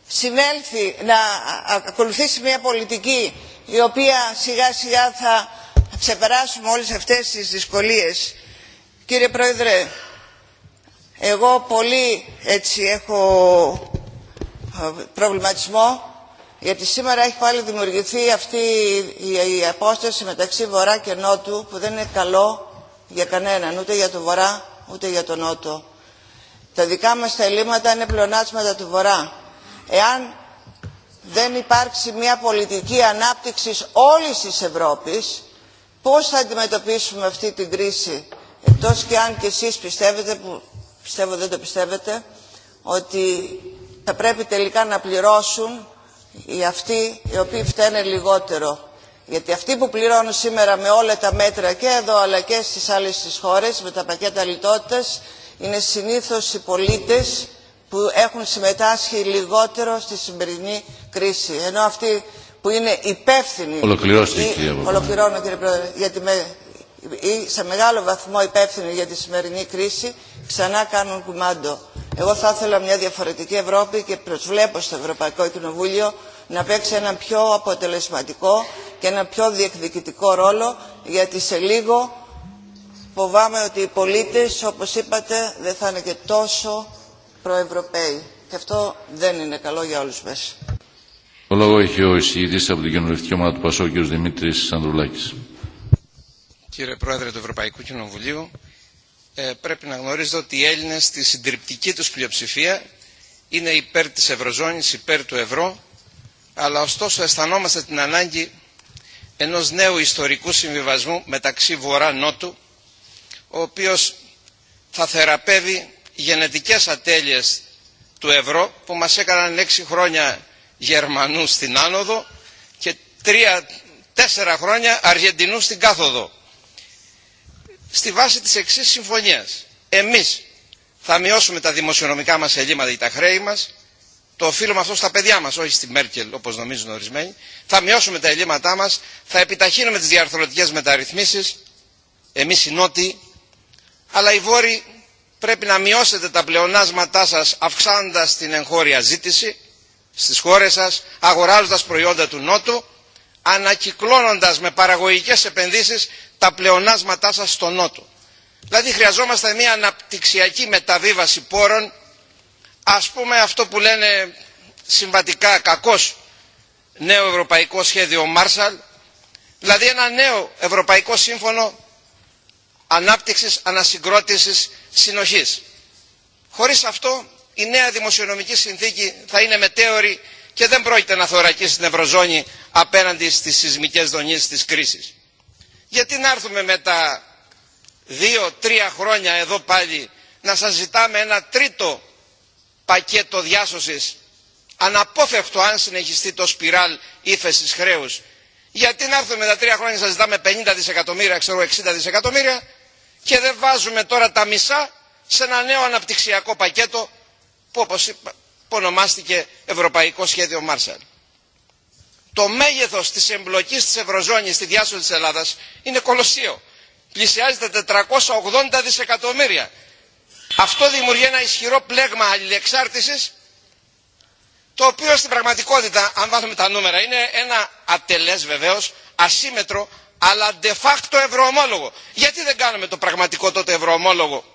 συνέλθει, να ακολουθήσει μια πολιτική η οποία σιγά σιγά θα ξεπεράσουμε όλες αυτές τις δυσκολίες. Κύριε Πρόεδρε, εγώ πολύ έτσι έχω ε, προβληματισμό γιατί σήμερα έχει πάλι δημιουργηθεί αυτή η απόσταση μεταξύ Βορρά και Νότου που δεν είναι καλό για κανέναν, ούτε για τον Βορρά, ούτε για τον Νότο. Τα δικά μας τα ελλείμματα είναι πλεονάσματα του Βορρά. Εάν δεν υπάρξει μια πολιτική ανάπτυξης όλης της Ευρώπης, πώς θα αντιμετωπίσουμε αυτή την κρίση. Εκτός και αν και εσείς πιστεύετε, που πιστεύω δεν το πιστεύετε, ότι θα πρέπει τελικά να πληρώσουν οι αυτοί οι οποίοι φταίνε λιγότερο. Γιατί αυτοί που πληρώνουν σήμερα με όλα τα μέτρα και εδώ αλλά και στις άλλες τις χώρες με τα πακέτα λιτότητας είναι συνήθως οι πολίτες που έχουν συμμετάσχει λιγότερο στη σημερινή κρίση. Ενώ αυτοί που είναι υπεύθυνοι... Ολοκληρώστε Ολοκληρώνω κύριε Πρόεδρε, γιατί με, ή σε μεγάλο βαθμό υπεύθυνοι για τη σημερινή κρίση ξανά κάνουν κουμάντο. Εγώ θα ήθελα μια διαφορετική Ευρώπη και προσβλέπω στο Ευρωπαϊκό Κοινοβούλιο να παίξει έναν πιο αποτελεσματικό και έναν πιο διεκδικητικό ρόλο γιατί σε λίγο φοβάμαι ότι οι πολίτες όπως είπατε δεν θα είναι και τόσο προευρωπαίοι και αυτό δεν είναι καλό για όλους μας. Το λόγο έχει ο εισηγητής από την ομάδα του Πασό, Δημήτρης Κύριε Πρόεδρε του Ευρωπαϊκού Κοινοβουλίου, ε, πρέπει να γνωρίζετε ότι οι Έλληνες στη συντριπτική τους πλειοψηφία είναι υπέρ της Ευρωζώνης, υπέρ του ευρώ, αλλά ωστόσο αισθανόμαστε την ανάγκη ενός νέου ιστορικού συμβιβασμού μεταξύ Βορρά-Νότου, ο οποίος θα θεραπεύει γενετικές ατέλειες του ευρώ που μας έκαναν έξι χρόνια Γερμανού στην άνοδο και τρία, τέσσερα χρόνια Αργεντινού στην κάθοδο στη βάση της εξή συμφωνίας. Εμείς θα μειώσουμε τα δημοσιονομικά μας ελλείμματα ή τα χρέη μας, το οφείλουμε αυτό στα παιδιά μας, όχι στη Μέρκελ όπως νομίζουν ορισμένοι, θα μειώσουμε τα ελλείμματά μας, θα επιταχύνουμε τις διαρθρωτικές μεταρρυθμίσεις, εμείς οι Νότιοι, αλλά οι Βόρειοι πρέπει να μειώσετε τα πλεονάσματά σας αυξάνοντας την εγχώρια ζήτηση στις χώρες σας, αγοράζοντας προϊόντα του Νότου ανακυκλώνοντας με παραγωγικές επενδύσεις τα πλεονάσματά σας στο Νότο. Δηλαδή χρειαζόμαστε μια αναπτυξιακή μεταβίβαση πόρων, ας πούμε αυτό που λένε συμβατικά κακός νέο ευρωπαϊκό σχέδιο Μάρσαλ, δηλαδή ένα νέο ευρωπαϊκό σύμφωνο ανάπτυξης, ανασυγκρότησης, συνοχής. Χωρίς αυτό η νέα δημοσιονομική συνθήκη θα είναι μετέωρη και δεν πρόκειται να θωρακίσει την Ευρωζώνη απέναντι στις σεισμικές δονήσεις της κρίσης. Γιατί να έρθουμε μετά δύο-τρία χρόνια εδώ πάλι να σας ζητάμε ένα τρίτο πακέτο διάσωσης αναπόφευκτο αν συνεχιστεί το σπιράλ ύφεσης χρέους. Γιατί να έρθουμε τα τρία χρόνια να σας ζητάμε 50 δισεκατομμύρια, ξέρω 60 δισεκατομμύρια και δεν βάζουμε τώρα τα μισά σε ένα νέο αναπτυξιακό πακέτο που όπως είπα, που ονομάστηκε Ευρωπαϊκό Σχέδιο Μάρσαλ. Το μέγεθος της εμπλοκής της Ευρωζώνης στη διάσωση της Ελλάδας είναι κολοσσίο. Πλησιάζει τα 480 δισεκατομμύρια. Αυτό δημιουργεί ένα ισχυρό πλέγμα αλληλεξάρτησης το οποίο στην πραγματικότητα, αν βάλουμε τα νούμερα, είναι ένα ατελές βεβαίως, ασύμετρο, αλλά de facto ευρωομόλογο. Γιατί δεν κάνουμε το πραγματικό τότε ευρωομόλογο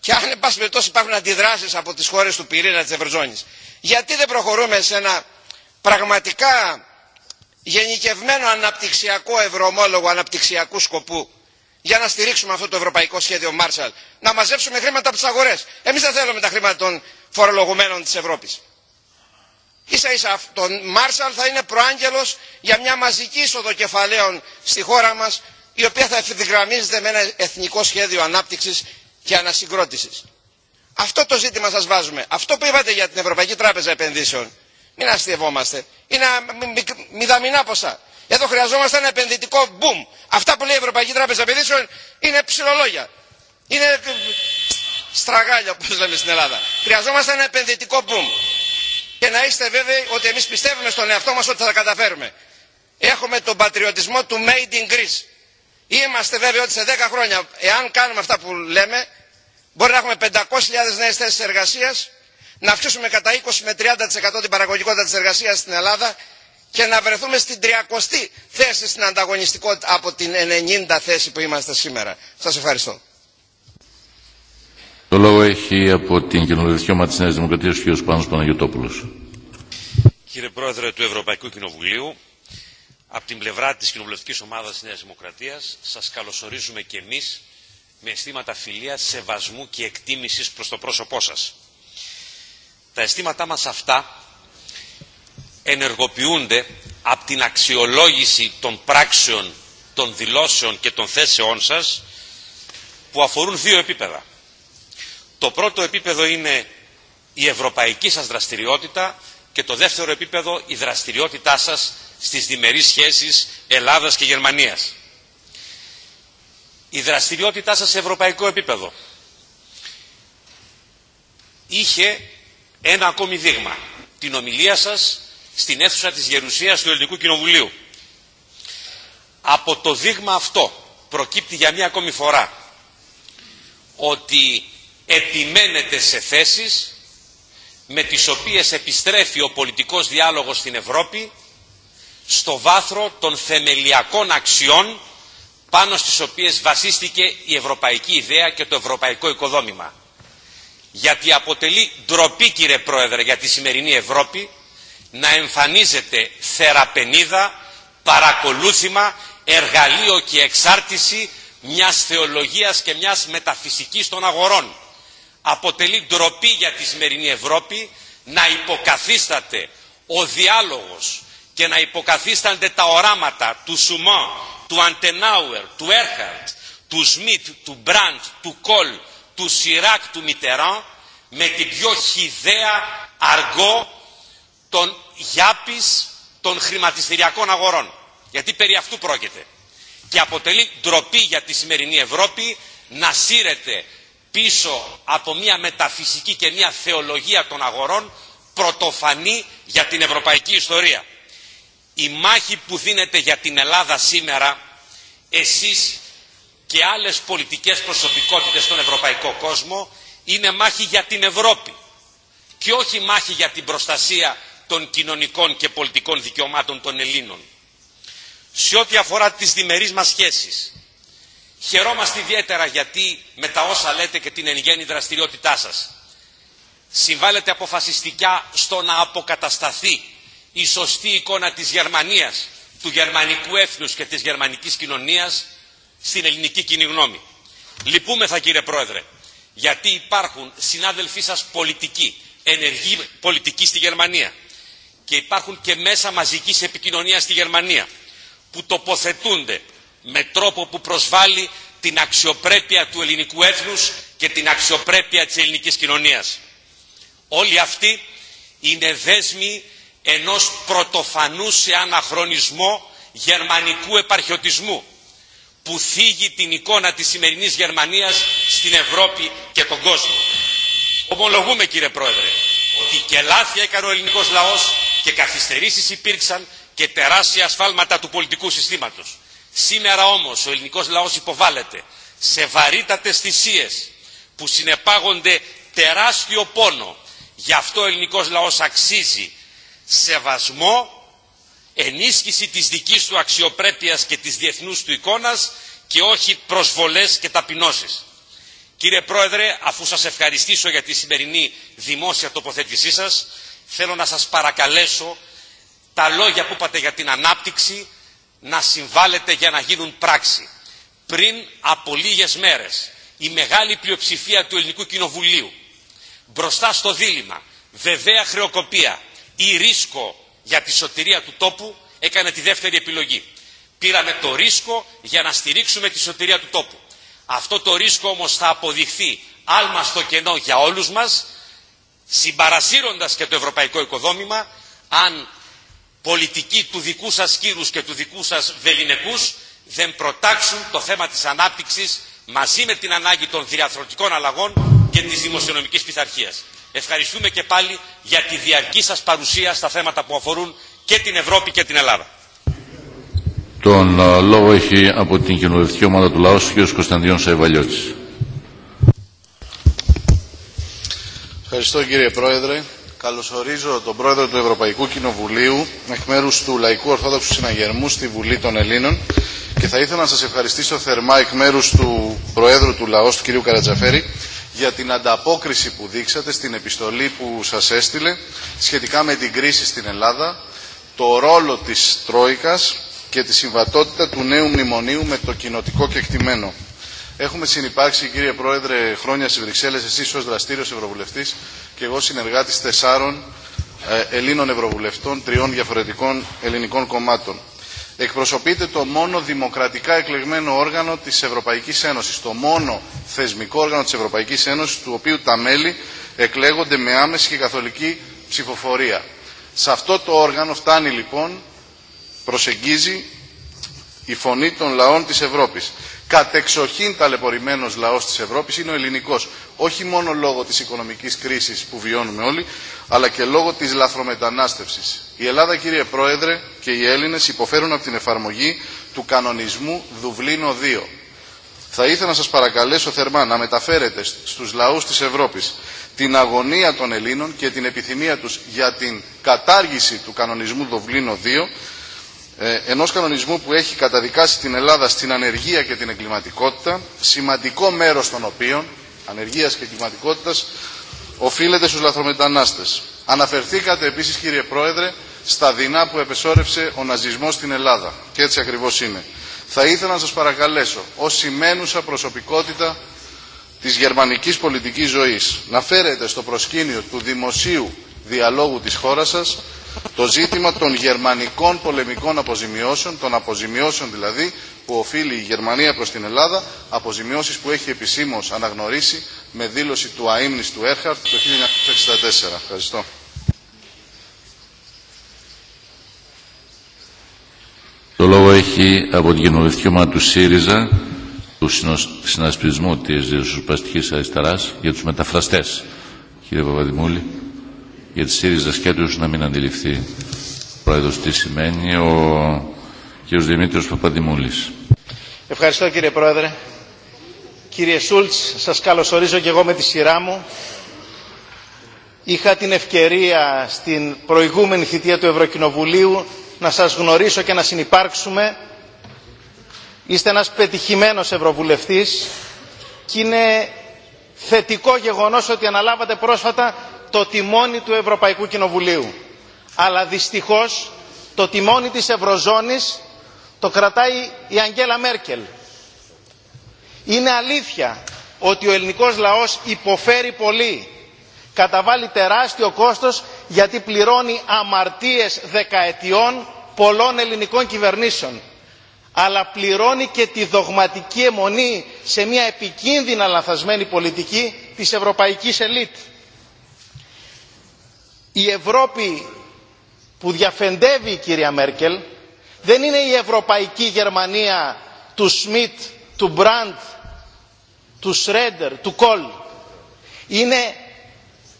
και αν εν πάση περιπτώσει υπάρχουν αντιδράσεις από τις χώρες του πυρήνα της Ευρωζώνης γιατί δεν προχωρούμε σε ένα πραγματικά γενικευμένο αναπτυξιακό ευρωομόλογο αναπτυξιακού σκοπού για να στηρίξουμε αυτό το ευρωπαϊκό σχέδιο Marshall, να μαζέψουμε χρήματα από τι αγορέ. Εμεί δεν θέλουμε τα χρήματα των φορολογουμένων τη Ευρώπη. σα ίσα το Marshall θα είναι προάγγελο για μια μαζική είσοδο κεφαλαίων στη χώρα μα, η οποία θα ευθυγραμμίζεται με ένα εθνικό σχέδιο ανάπτυξη και ανασυγκρότησης. Αυτό το ζήτημα σας βάζουμε. Αυτό που είπατε για την Ευρωπαϊκή Τράπεζα Επενδύσεων, μην αστευόμαστε. Είναι μηδαμινά ποσά. Εδώ χρειαζόμαστε ένα επενδυτικό boom. Αυτά που λέει η Ευρωπαϊκή Τράπεζα Επενδύσεων είναι ψηλολόγια. Είναι ε, στραγάλια όπω λέμε στην Ελλάδα. Χρειαζόμαστε ένα επενδυτικό boom. Και να είστε βέβαιοι ότι εμεί πιστεύουμε στον εαυτό μα ότι θα τα καταφέρουμε. Έχουμε τον πατριωτισμό του Made in Greece. Είμαστε βέβαιοι ότι σε 10 χρόνια, εάν κάνουμε αυτά που λέμε, μπορεί να έχουμε 500.000 νέες θέσεις εργασίας, να αυξήσουμε κατά 20 με 30% την παραγωγικότητα της εργασίας στην Ελλάδα και να βρεθούμε στην 30η θέση στην ανταγωνιστικότητα από την 90 θέση που είμαστε σήμερα. Σας ευχαριστώ. Το λόγο έχει από την της Νέας Δημοκρατίας ο κ. Πάνος Κύριε Πρόεδρε του Ευρωπαϊκού Κοινοβουλίου, από την πλευρά της κοινοβουλευτικής ομάδας της Νέας Δημοκρατίας σας καλωσορίζουμε και εμείς με αισθήματα φιλίας, σεβασμού και εκτίμησης προς το πρόσωπό σας. Τα αισθήματά μας αυτά ενεργοποιούνται από την αξιολόγηση των πράξεων, των δηλώσεων και των θέσεών σας που αφορούν δύο επίπεδα. Το πρώτο επίπεδο είναι η ευρωπαϊκή σας δραστηριότητα και το δεύτερο επίπεδο η δραστηριότητά σας στις διμερείς σχέσεις Ελλάδας και Γερμανίας. Η δραστηριότητά σας σε ευρωπαϊκό επίπεδο είχε ένα ακόμη δείγμα. Την ομιλία σας στην αίθουσα της Γερουσίας του Ελληνικού Κοινοβουλίου. Από το δείγμα αυτό προκύπτει για μία ακόμη φορά ότι επιμένετε σε θέσεις με τις οποίες επιστρέφει ο πολιτικός διάλογος στην Ευρώπη στο βάθρο των θεμελιακών αξιών πάνω στις οποίες βασίστηκε η ευρωπαϊκή ιδέα και το ευρωπαϊκό οικοδόμημα. Γιατί αποτελεί ντροπή κύριε Πρόεδρε για τη σημερινή Ευρώπη να εμφανίζεται θεραπενίδα, παρακολούθημα, εργαλείο και εξάρτηση μιας θεολογίας και μιας μεταφυσικής των αγορών. Αποτελεί ντροπή για τη σημερινή Ευρώπη να υποκαθίσταται ο διάλογος και να υποκαθίστανται τα οράματα του Σουμάν, του Αντενάουερ, του Έρχαρτ, του Σμιτ, του Μπραντ, του Κολ, του Σιράκ, του Μιτεράν με την πιο χιδαία αργό των γιάπης των χρηματιστηριακών αγορών. Γιατί περί αυτού πρόκειται. Και αποτελεί ντροπή για τη σημερινή Ευρώπη να σύρεται πίσω από μια μεταφυσική και μια θεολογία των αγορών πρωτοφανή για την ευρωπαϊκή ιστορία η μάχη που δίνεται για την Ελλάδα σήμερα εσείς και άλλες πολιτικές προσωπικότητες στον ευρωπαϊκό κόσμο είναι μάχη για την Ευρώπη και όχι μάχη για την προστασία των κοινωνικών και πολιτικών δικαιωμάτων των Ελλήνων. Σε ό,τι αφορά τις διμερείς μας σχέσεις, χαιρόμαστε ιδιαίτερα γιατί με τα όσα λέτε και την εν γέννη δραστηριότητά σας συμβάλλετε αποφασιστικά στο να αποκατασταθεί η σωστή εικόνα της Γερμανίας, του γερμανικού έθνους και της γερμανικής κοινωνίας στην ελληνική κοινή γνώμη. Λυπούμεθα κύριε Πρόεδρε, γιατί υπάρχουν συνάδελφοί σας πολιτικοί, ενεργοί πολιτικοί στη Γερμανία και υπάρχουν και μέσα μαζικής επικοινωνίας στη Γερμανία που τοποθετούνται με τρόπο που προσβάλλει την αξιοπρέπεια του ελληνικού έθνους και την αξιοπρέπεια της ελληνικής κοινωνίας. Όλοι αυτοί είναι δέσμοι ενός πρωτοφανού σε αναχρονισμό γερμανικού επαρχιωτισμού που θίγει την εικόνα της σημερινής Γερμανίας στην Ευρώπη και τον κόσμο. Ομολογούμε κύριε Πρόεδρε ότι και λάθη έκανε ο ελληνικός λαός και καθυστερήσεις υπήρξαν και τεράστια ασφάλματα του πολιτικού συστήματος. Σήμερα όμως ο ελληνικός λαός υποβάλλεται σε βαρύτατες θυσίες που συνεπάγονται τεράστιο πόνο. Γι' αυτό ο ελληνικός λαός αξίζει σεβασμό, ενίσχυση της δικής του αξιοπρέπειας και της διεθνούς του εικόνας και όχι προσβολές και ταπεινώσεις. Κύριε Πρόεδρε, αφού σας ευχαριστήσω για τη σημερινή δημόσια τοποθέτησή σας, θέλω να σας παρακαλέσω τα λόγια που είπατε για την ανάπτυξη να συμβάλλετε για να γίνουν πράξη. Πριν από λίγες μέρες, η μεγάλη πλειοψηφία του Ελληνικού Κοινοβουλίου μπροστά στο δίλημα βεβαία χρεοκοπία ή ρίσκο για τη σωτηρία του τόπου έκανε τη δεύτερη επιλογή. Πήραμε το ρίσκο για να στηρίξουμε τη σωτηρία του τόπου. Αυτό το ρίσκο όμως θα αποδειχθεί άλμα στο κενό για όλους μας, συμπαρασύροντας και το ευρωπαϊκό οικοδόμημα, αν πολιτικοί του δικού σας κύρους και του δικού σας βεληνεκούς δεν προτάξουν το θέμα της ανάπτυξης μαζί με την ανάγκη των διαθροτικών αλλαγών και της δημοσιονομικής πειθαρχίας. Ευχαριστούμε και πάλι για τη διαρκή σας παρουσία στα θέματα που αφορούν και την Ευρώπη και την Ελλάδα. Τον ε, λόγο έχει από την κοινοβουλευτική ομάδα του λαού ο κ. Κωνσταντιών Ευχαριστώ κύριε Πρόεδρε. Καλωσορίζω τον Πρόεδρο του Ευρωπαϊκού Κοινοβουλίου εκ μέρου του Λαϊκού Ορθόδοξου Συναγερμού στη Βουλή των Ελλήνων και θα ήθελα να σας ευχαριστήσω θερμά εκ μέρου του Προέδρου του Λαός, του κ. Καρατζαφέρη, για την ανταπόκριση που δείξατε στην επιστολή που σας έστειλε σχετικά με την κρίση στην Ελλάδα, το ρόλο της Τρόικας και τη συμβατότητα του νέου μνημονίου με το κοινοτικό κεκτημένο. Έχουμε συνεπάρξει, κύριε Πρόεδρε, χρόνια στι Βρυξέλλε, εσείς ω δραστήριο ευρωβουλευτής και εγώ συνεργάτης τεσσάρων ε, Ελλήνων Ευρωβουλευτών τριών διαφορετικών ελληνικών κομμάτων εκπροσωπείται το μόνο δημοκρατικά εκλεγμένο όργανο της Ευρωπαϊκής Ένωσης, το μόνο θεσμικό όργανο της Ευρωπαϊκής Ένωσης, του οποίου τα μέλη εκλέγονται με άμεση και καθολική ψηφοφορία. Σε αυτό το όργανο φτάνει λοιπόν, προσεγγίζει η φωνή των λαών της Ευρώπης κατεξοχήν ταλαιπωρημένος λαός της Ευρώπης είναι ο ελληνικός. Όχι μόνο λόγω της οικονομικής κρίσης που βιώνουμε όλοι, αλλά και λόγω της λαθρομετανάστευσης. Η Ελλάδα, κύριε Πρόεδρε, και οι Έλληνες υποφέρουν από την εφαρμογή του κανονισμού Δουβλίνο 2. Θα ήθελα να σας παρακαλέσω θερμά να μεταφέρετε στους λαούς της Ευρώπης την αγωνία των Ελλήνων και την επιθυμία τους για την κατάργηση του κανονισμού Δουβλίνο 2 ε, ενός κανονισμού που έχει καταδικάσει την Ελλάδα στην ανεργία και την εγκληματικότητα, σημαντικό μέρος των οποίων, ανεργίας και εγκληματικότητας, οφείλεται στους λαθρομετανάστες. Αναφερθήκατε επίσης κύριε Πρόεδρε στα δεινά που επεσόρευσε ο ναζισμός στην Ελλάδα. Και έτσι ακριβώς είναι. Θα ήθελα να σας παρακαλέσω, ως σημαίνουσα προσωπικότητα της γερμανικής πολιτικής ζωής, να φέρετε στο προσκήνιο του δημοσίου διαλόγου της χώρας σας το ζήτημα των γερμανικών πολεμικών αποζημιώσεων, των αποζημιώσεων δηλαδή που οφείλει η Γερμανία προς την Ελλάδα, αποζημιώσεις που έχει επισήμως αναγνωρίσει με δήλωση του αείμνης του Έρχαρτ το 1964. Ευχαριστώ. Το λόγο έχει από την κοινοβουλευτική του ΣΥΡΙΖΑ του συνασπισμού της Ριζοσπαστικής Αριστεράς για τους μεταφραστές. Κύριε Παπαδημούλη για τη ΣΥΡΙΖΑ σκέτους να μην αντιληφθεί πρόεδρος τι σημαίνει ο κ. Δημήτρης Παπαδημούλης. Ευχαριστώ κύριε Πρόεδρε. Κύριε Σούλτς, σας καλωσορίζω και εγώ με τη σειρά μου. Είχα την ευκαιρία στην προηγούμενη θητεία του Ευρωκοινοβουλίου να σας γνωρίσω και να συνεπάρξουμε. Είστε ένας πετυχημένος Ευρωβουλευτής και είναι θετικό γεγονός ότι αναλάβατε πρόσφατα το τιμόνι του Ευρωπαϊκού Κοινοβουλίου. Αλλά δυστυχώς το τιμόνι της Ευρωζώνης το κρατάει η Αγγέλα Μέρκελ. Είναι αλήθεια ότι ο ελληνικός λαός υποφέρει πολύ, καταβάλει τεράστιο κόστος γιατί πληρώνει αμαρτίες δεκαετιών πολλών ελληνικών κυβερνήσεων. Αλλά πληρώνει και τη δογματική αιμονή σε μια επικίνδυνα λαθασμένη πολιτική της ευρωπαϊκής ελίτ η Ευρώπη που διαφεντεύει η κυρία Μέρκελ δεν είναι η Ευρωπαϊκή Γερμανία του Σμιτ, του Μπραντ, του Σρέντερ, του Κόλ. Είναι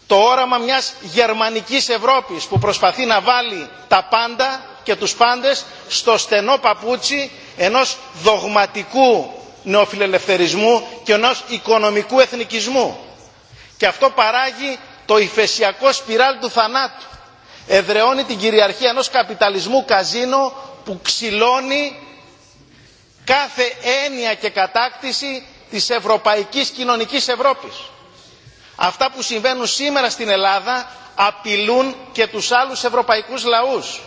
το όραμα μιας γερμανικής Ευρώπης που προσπαθεί να βάλει τα πάντα και τους πάντες στο στενό παπούτσι ενός δογματικού νεοφιλελευθερισμού και ενός οικονομικού εθνικισμού. Και αυτό παράγει το ηφαισιακό σπιράλ του θανάτου. Εδρεώνει την κυριαρχία ενός καπιταλισμού καζίνο που ξυλώνει κάθε έννοια και κατάκτηση της ευρωπαϊκής κοινωνικής Ευρώπης. Αυτά που συμβαίνουν σήμερα στην Ελλάδα απειλούν και τους άλλους ευρωπαϊκούς λαούς.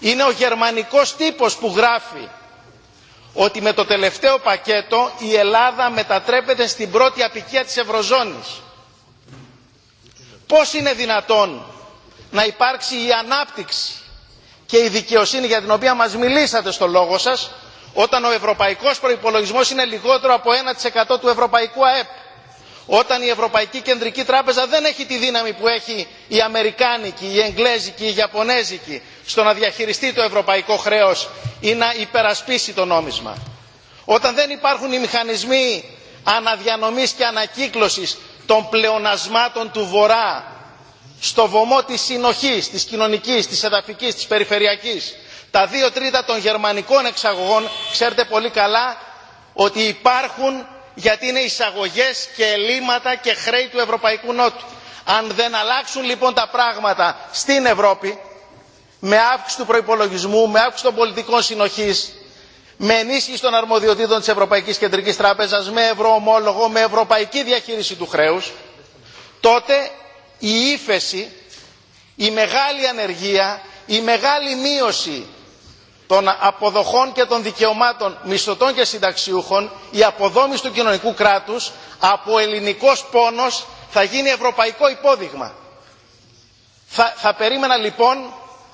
Είναι ο γερμανικός τύπος που γράφει ότι με το τελευταίο πακέτο η Ελλάδα μετατρέπεται στην πρώτη απικία της Ευρωζώνης. Πώς είναι δυνατόν να υπάρξει η ανάπτυξη και η δικαιοσύνη για την οποία μας μιλήσατε στο λόγο σας, όταν ο ευρωπαϊκός προϋπολογισμός είναι λιγότερο από 1% του ευρωπαϊκού ΑΕΠ, όταν η Ευρωπαϊκή Κεντρική Τράπεζα δεν έχει τη δύναμη που έχει η Αμερικάνικη, η Εγγλέζικη, η Ιαπωνέζικη στο να διαχειριστεί το ευρωπαϊκό χρέος ή να υπερασπίσει το νόμισμα. Όταν δεν υπάρχουν οι μηχανισμοί αναδιανομής και ανακύκλωσης των πλεονασμάτων του Βορρά στο βωμό της συνοχής, της κοινωνικής, της εδαφικής, της περιφερειακής. Τα δύο τρίτα των γερμανικών εξαγωγών ξέρετε πολύ καλά ότι υπάρχουν γιατί είναι εισαγωγές και ελλείμματα και χρέη του Ευρωπαϊκού Νότου. Αν δεν αλλάξουν λοιπόν τα πράγματα στην Ευρώπη με αύξηση του προϋπολογισμού, με αύξηση των πολιτικών συνοχής με ενίσχυση των αρμοδιοτήτων της Ευρωπαϊκής Κεντρικής Τράπεζας, με ευρωομόλογο, με ευρωπαϊκή διαχείριση του χρέους, τότε η ύφεση, η μεγάλη ανεργία, η μεγάλη μείωση των αποδοχών και των δικαιωμάτων μισθωτών και συνταξιούχων, η αποδόμηση του κοινωνικού κράτους από ελληνικός πόνος θα γίνει ευρωπαϊκό υπόδειγμα. Θα, θα περίμενα λοιπόν,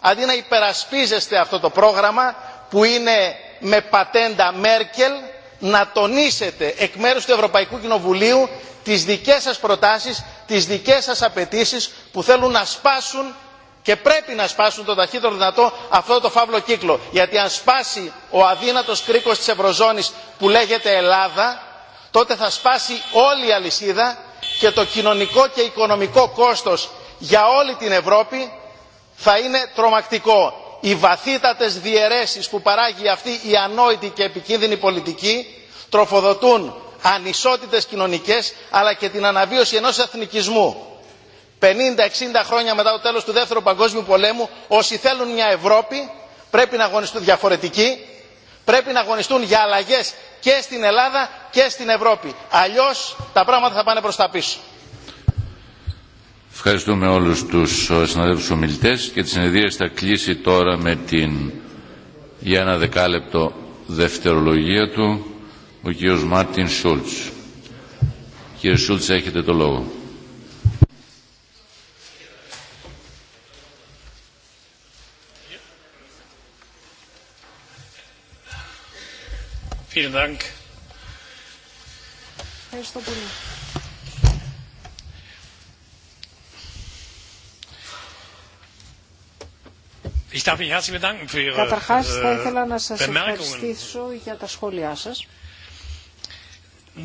αντί να υπερασπίζεστε αυτό το πρόγραμμα που είναι με πατέντα Μέρκελ να τονίσετε εκ μέρους του Ευρωπαϊκού Κοινοβουλίου τις δικές σας προτάσεις, τις δικές σας απαιτήσει που θέλουν να σπάσουν και πρέπει να σπάσουν το ταχύτερο δυνατό αυτό το φαύλο κύκλο. Γιατί αν σπάσει ο αδύνατος κρίκος της Ευρωζώνης που λέγεται Ελλάδα, τότε θα σπάσει όλη η αλυσίδα και το κοινωνικό και οικονομικό κόστος για όλη την Ευρώπη θα είναι τρομακτικό οι βαθύτατες διαιρέσεις που παράγει αυτή η ανόητη και επικίνδυνη πολιτική τροφοδοτούν ανισότητες κοινωνικές αλλά και την αναβίωση ενός εθνικισμού. 50-60 χρόνια μετά το τέλος του Δεύτερου Παγκόσμιου Πολέμου όσοι θέλουν μια Ευρώπη πρέπει να αγωνιστούν διαφορετικοί, πρέπει να αγωνιστούν για αλλαγές και στην Ελλάδα και στην Ευρώπη. Αλλιώς τα πράγματα θα πάνε προς τα πίσω. Ευχαριστούμε όλους τους ε, συναδέλφους ομιλητές και τη συνεδρία θα κλείσει τώρα με την για ένα δεκάλεπτο δευτερολογία του ο κύριος Μάρτιν Σούλτς. Κύριε Σούλτς έχετε το λόγο. Vielen Dank. Ευχαριστώ πολύ. Καταρχάς θα äh, ήθελα να σας ευχαριστήσω για τα σχόλιά σας.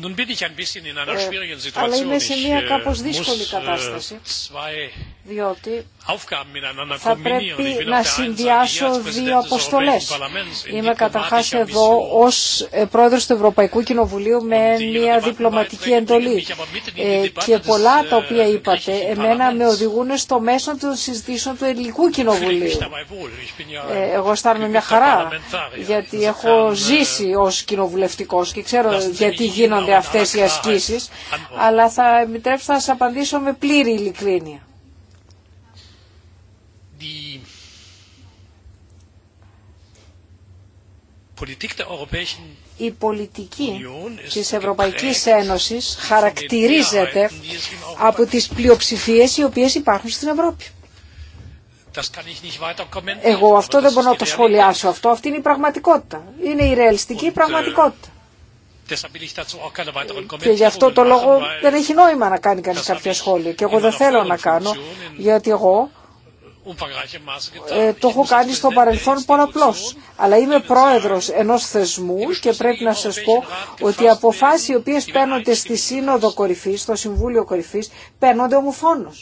Ε, αλλά είμαι σε μια κάπως äh, δύσκολη äh, κατάσταση διότι θα πρέπει να συνδυάσω δύο αποστολές. Είμαι καταρχάς εδώ ως ε, πρόεδρος του Ευρωπαϊκού Κοινοβουλίου με μια διπλωματική εντολή ε, και πολλά τα äh, οποία είπατε εμένα με οδηγούν στο μέσο των συζητήσεων του Ελληνικού Κοινοβουλίου. Ε, εγώ αισθάνομαι μια χαρά γιατί έχω äh, ζήσει ως κοινοβουλευτικός και ξέρω γιατί γίνονται αυτές οι ασκήσεις αλλά θα επιτρέψω να σας απαντήσω με πλήρη ειλικρίνεια η πολιτική της Ευρωπαϊκής Ένωσης χαρακτηρίζεται από τις πλειοψηφίες οι οποίες υπάρχουν στην Ευρώπη. Εγώ αυτό δεν μπορώ να το σχολιάσω αυτό. Αυτή είναι η πραγματικότητα. Είναι η ρεαλιστική ε, πραγματικότητα. Και γι' αυτό το λόγο δεν έχει νόημα να κάνει κανείς κάποια σχόλια. Και εγώ δεν θέλω να κάνω, γιατί εγώ ε, το έχω κάνει στο παρελθόν πολλαπλώ. Αλλά είμαι πρόεδρο ενό θεσμού και πρέπει να σα πω ότι οι αποφάσει οι οποίε παίρνονται στη Σύνοδο κορυφή, στο Συμβούλιο Κορυφή, παίρνονται ομοφόνο.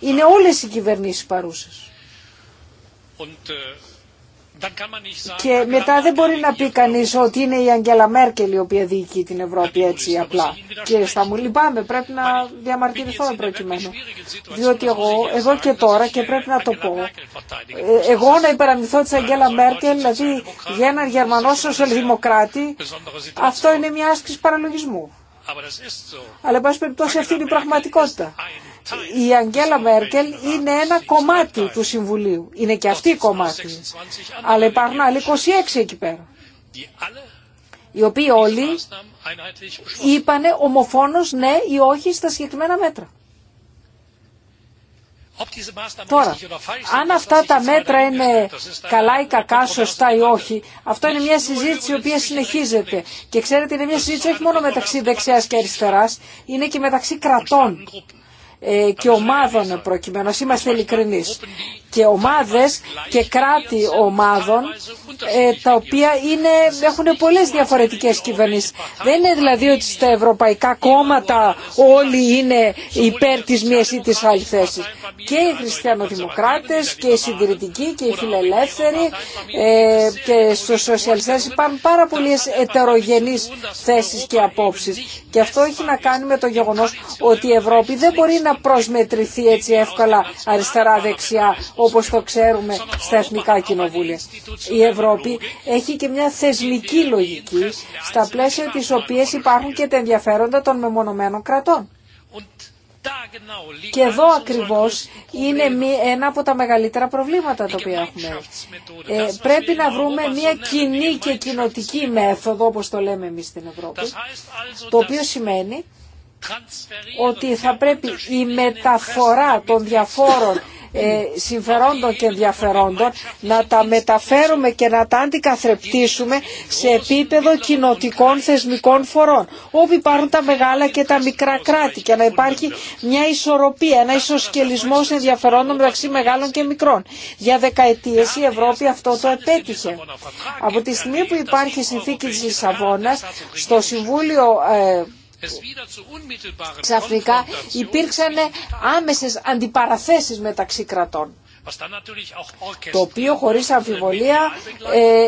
Είναι όλε οι κυβερνήσει παρούσε. Και μετά δεν μπορεί να πει κανεί ότι είναι η Αγγέλα Μέρκελ η οποία διοικεί την Ευρώπη έτσι απλά. Κύριε Σταμού, λυπάμαι, πρέπει να διαμαρτυρηθώ προκειμένου. Διότι εγώ, εδώ και τώρα, και πρέπει να το πω, ε, εγώ να υπεραμηθώ τη Αγγέλα Μέρκελ, δηλαδή για έναν Γερμανό σοσιαλδημοκράτη, αυτό είναι μια άσκηση παραλογισμού. Αλλά, εν πάση περιπτώσει, αυτή είναι η πραγματικότητα. Η Αγγέλα Μέρκελ είναι ένα κομμάτι του Συμβουλίου. Είναι και αυτή η κομμάτι. Αλλά υπάρχουν άλλοι 26 εκεί πέρα. Οι οποίοι όλοι είπανε ομοφόνος ναι ή όχι στα συγκεκριμένα μέτρα. Τώρα, αν αυτά τα μέτρα είναι καλά ή κακά, σωστά ή όχι, αυτό είναι μια συζήτηση η οποία συνεχίζεται. Και ξέρετε, είναι μια συζήτηση όχι μόνο μεταξύ δεξιάς και αριστεράς, είναι και μεταξύ κρατών. Ε, και ομάδων προκειμένου. Είμαστε ειλικρινεί. Και ομάδες και κράτη ομάδων ε, τα οποία είναι, έχουν πολλές διαφορετικές κυβερνήσεις. Δεν είναι δηλαδή ότι στα ευρωπαϊκά κόμματα όλοι είναι υπέρ της μίας ή της άλλης θέσης. Και οι χριστιανοδημοκράτες και οι συντηρητικοί και οι φιλελεύθεροι ε, και στους σοσιαλιστές υπάρχουν πάρα πολλές ετερογενείς θέσεις και απόψεις. Και αυτό έχει να κάνει με το γεγονός ότι η Ευρώπη δεν μπορεί να να προσμετρηθεί έτσι εύκολα αριστερά-δεξιά όπως το ξέρουμε στα εθνικά κοινοβούλια. Η Ευρώπη έχει και μια θεσμική λογική στα πλαίσια της οποίας υπάρχουν και τα ενδιαφέροντα των μεμονωμένων κρατών. Και εδώ ακριβώς είναι ένα από τα μεγαλύτερα προβλήματα τα οποία έχουμε. Ε, πρέπει να βρούμε μια κοινή και κοινοτική μέθοδο, όπως το λέμε εμείς στην Ευρώπη, το οποίο σημαίνει ότι θα πρέπει η μεταφορά των διαφόρων ε, συμφερόντων και ενδιαφερόντων να τα μεταφέρουμε και να τα αντικαθρεπτήσουμε σε επίπεδο κοινοτικών θεσμικών φορών όπου υπάρχουν τα μεγάλα και τα μικρά κράτη και να υπάρχει μια ισορροπία, ένα ισοσκελισμός ενδιαφερόντων μεταξύ μεγάλων και μικρών. Για δεκαετίες η Ευρώπη αυτό το επέτυχε. Από τη στιγμή που υπάρχει η συνθήκη της Λισαβόνας στο Συμβούλιο ε, ξαφνικά υπήρξαν άμεσες αντιπαραθέσεις μεταξύ κρατών. Το οποίο χωρίς αμφιβολία ε,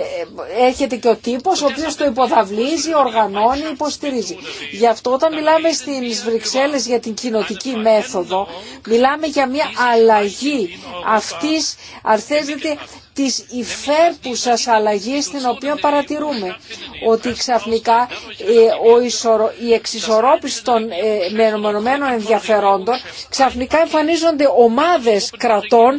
έρχεται και ο τύπος ο οποίος το υποδαβλίζει, οργανώνει, υποστηρίζει. Γι' αυτό όταν μιλάμε στις Βρυξέλλες για την κοινοτική μέθοδο, μιλάμε για μια αλλαγή αυτής αρθέζεται της υφέρπουσας αλλαγής την οποία παρατηρούμε. Ότι ξαφνικά ε, η εξισορρόπηση των ε, μενομενωμένων ενδιαφερόντων ξαφνικά εμφανίζονται ομάδες κρατών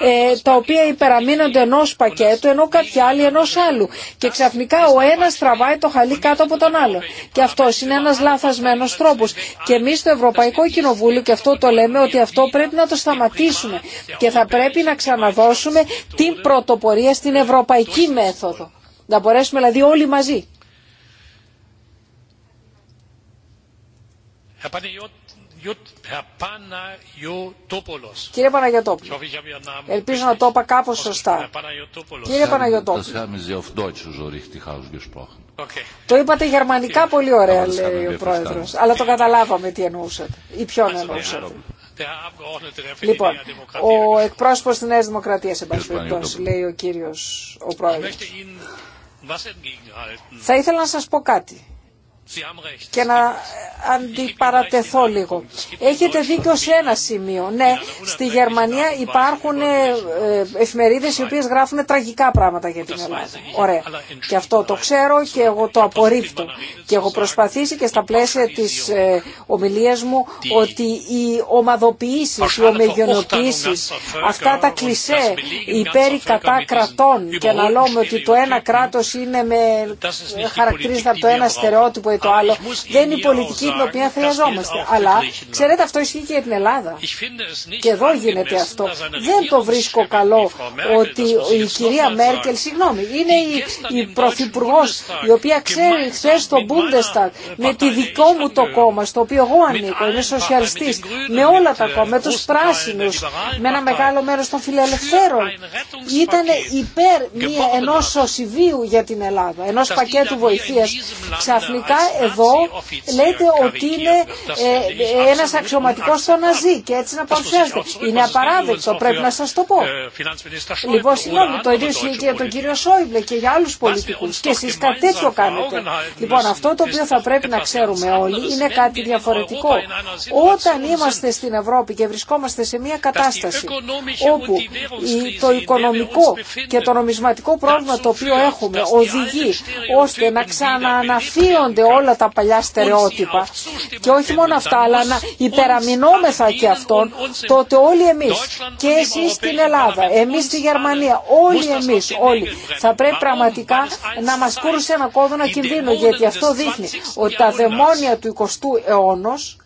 ε, τα οποία υπεραμείνονται ενός πακέτου ενώ κάποιοι άλλοι ενός άλλου. Και ξαφνικά ο ένας τραβάει το χαλί κάτω από τον άλλο. Και αυτό είναι ένας λαθασμένος τρόπος. Και εμείς στο Ευρωπαϊκό Κοινοβούλιο και αυτό το λέμε ότι αυτό πρέπει να το σταματήσουμε και θα πρέπει να ξαναδώσουμε την προ πρωτοπορία στην ευρωπαϊκή μέθοδο. Να μπορέσουμε δηλαδή όλοι μαζί. Κύριε Παναγιωτόπουλο, ελπίζω να το είπα κάπως σωστά. Κύριε Παναγιωτόπουλο, το είπατε γερμανικά πολύ ωραία, λέει ο Πρόεδρος, αλλά το καταλάβαμε τι εννοούσατε ή ποιον εννοούσατε. Λοιπόν, ο εκπρόσωπο τη Νέα Δημοκρατία, εν πάση λέει ο κύριο ο πρόεδρος. Θα ήθελα να σα πω κάτι και να ε, αντιπαρατεθώ λίγο. Έχετε δίκιο σε ένα σημείο. Ναι, στη Γερμανία υπάρχουν ε, ε, εφημερίδες οι οποίες γράφουν τραγικά πράγματα για την Ελλάδα. Ωραία. Και αυτό το ξέρω και εγώ το απορρίπτω. Και έχω προσπαθήσει και στα πλαίσια της ομιλίας μου ότι οι ομαδοποιήσεις, οι ομεγενοποιήσεις, αυτά τα κλισέ υπέρ κατά κρατών και να λέμε ότι το ένα κράτος είναι με, χαρακτηρίζεται από το ένα στερεότυπο πολιτική την οποία χρειαζόμαστε. Αλλά ξέρετε αυτό ισχύει και για την Ελλάδα. Και εδώ γίνεται αυτό. Δεν το βρίσκω καλό ότι η κυρία Μέρκελ, συγγνώμη, είναι η, η πρωθυπουργό η οποία ξέρει χθε στο Bundestag με τη δικό μου το κόμμα στο οποίο εγώ ανήκω, είμαι σοσιαλιστή, με όλα τα äh, κόμματα, με του πράσινου, με ένα μεγάλο μέρο των φιλελευθέρων. Ήταν υπέρ ενό σωσιβίου για την Ελλάδα, ενό πακέτου βοηθεία. Ξαφνικά εδώ λέτε ότι είναι ε, ε, ένας αξιωματικός στο να ζει και έτσι να παρουσιάζεται. Είναι απαράδεκτο, πρέπει να σας το πω. Ε, λοιπόν, συγγνώμη, το ίδιο ισχύει και για τον κύριο Σόιμπλε και για άλλους πολιτικούς. Και εσείς κάτι τέτοιο κάνετε. Λοιπόν, αυτό το οποίο θα πρέπει να ξέρουμε όλοι είναι κάτι διαφορετικό. Όταν είμαστε στην Ευρώπη και βρισκόμαστε σε μια κατάσταση όπου το οικονομικό και το νομισματικό πρόβλημα το οποίο έχουμε οδηγεί ώστε να ξανααναφύονται όλα τα παλιά στερεότυπα και όχι μόνο αυτά αλλά να υπεραμεινόμεθα και αυτόν τότε όλοι εμείς και εσείς στην Ελλάδα, εμείς στη Γερμανία, όλοι εμείς, όλοι θα πρέπει πραγματικά να μας κούρουν σε ένα κόδωνα κινδύνο γιατί αυτό δείχνει ότι τα δαιμόνια του 20ου αιώνος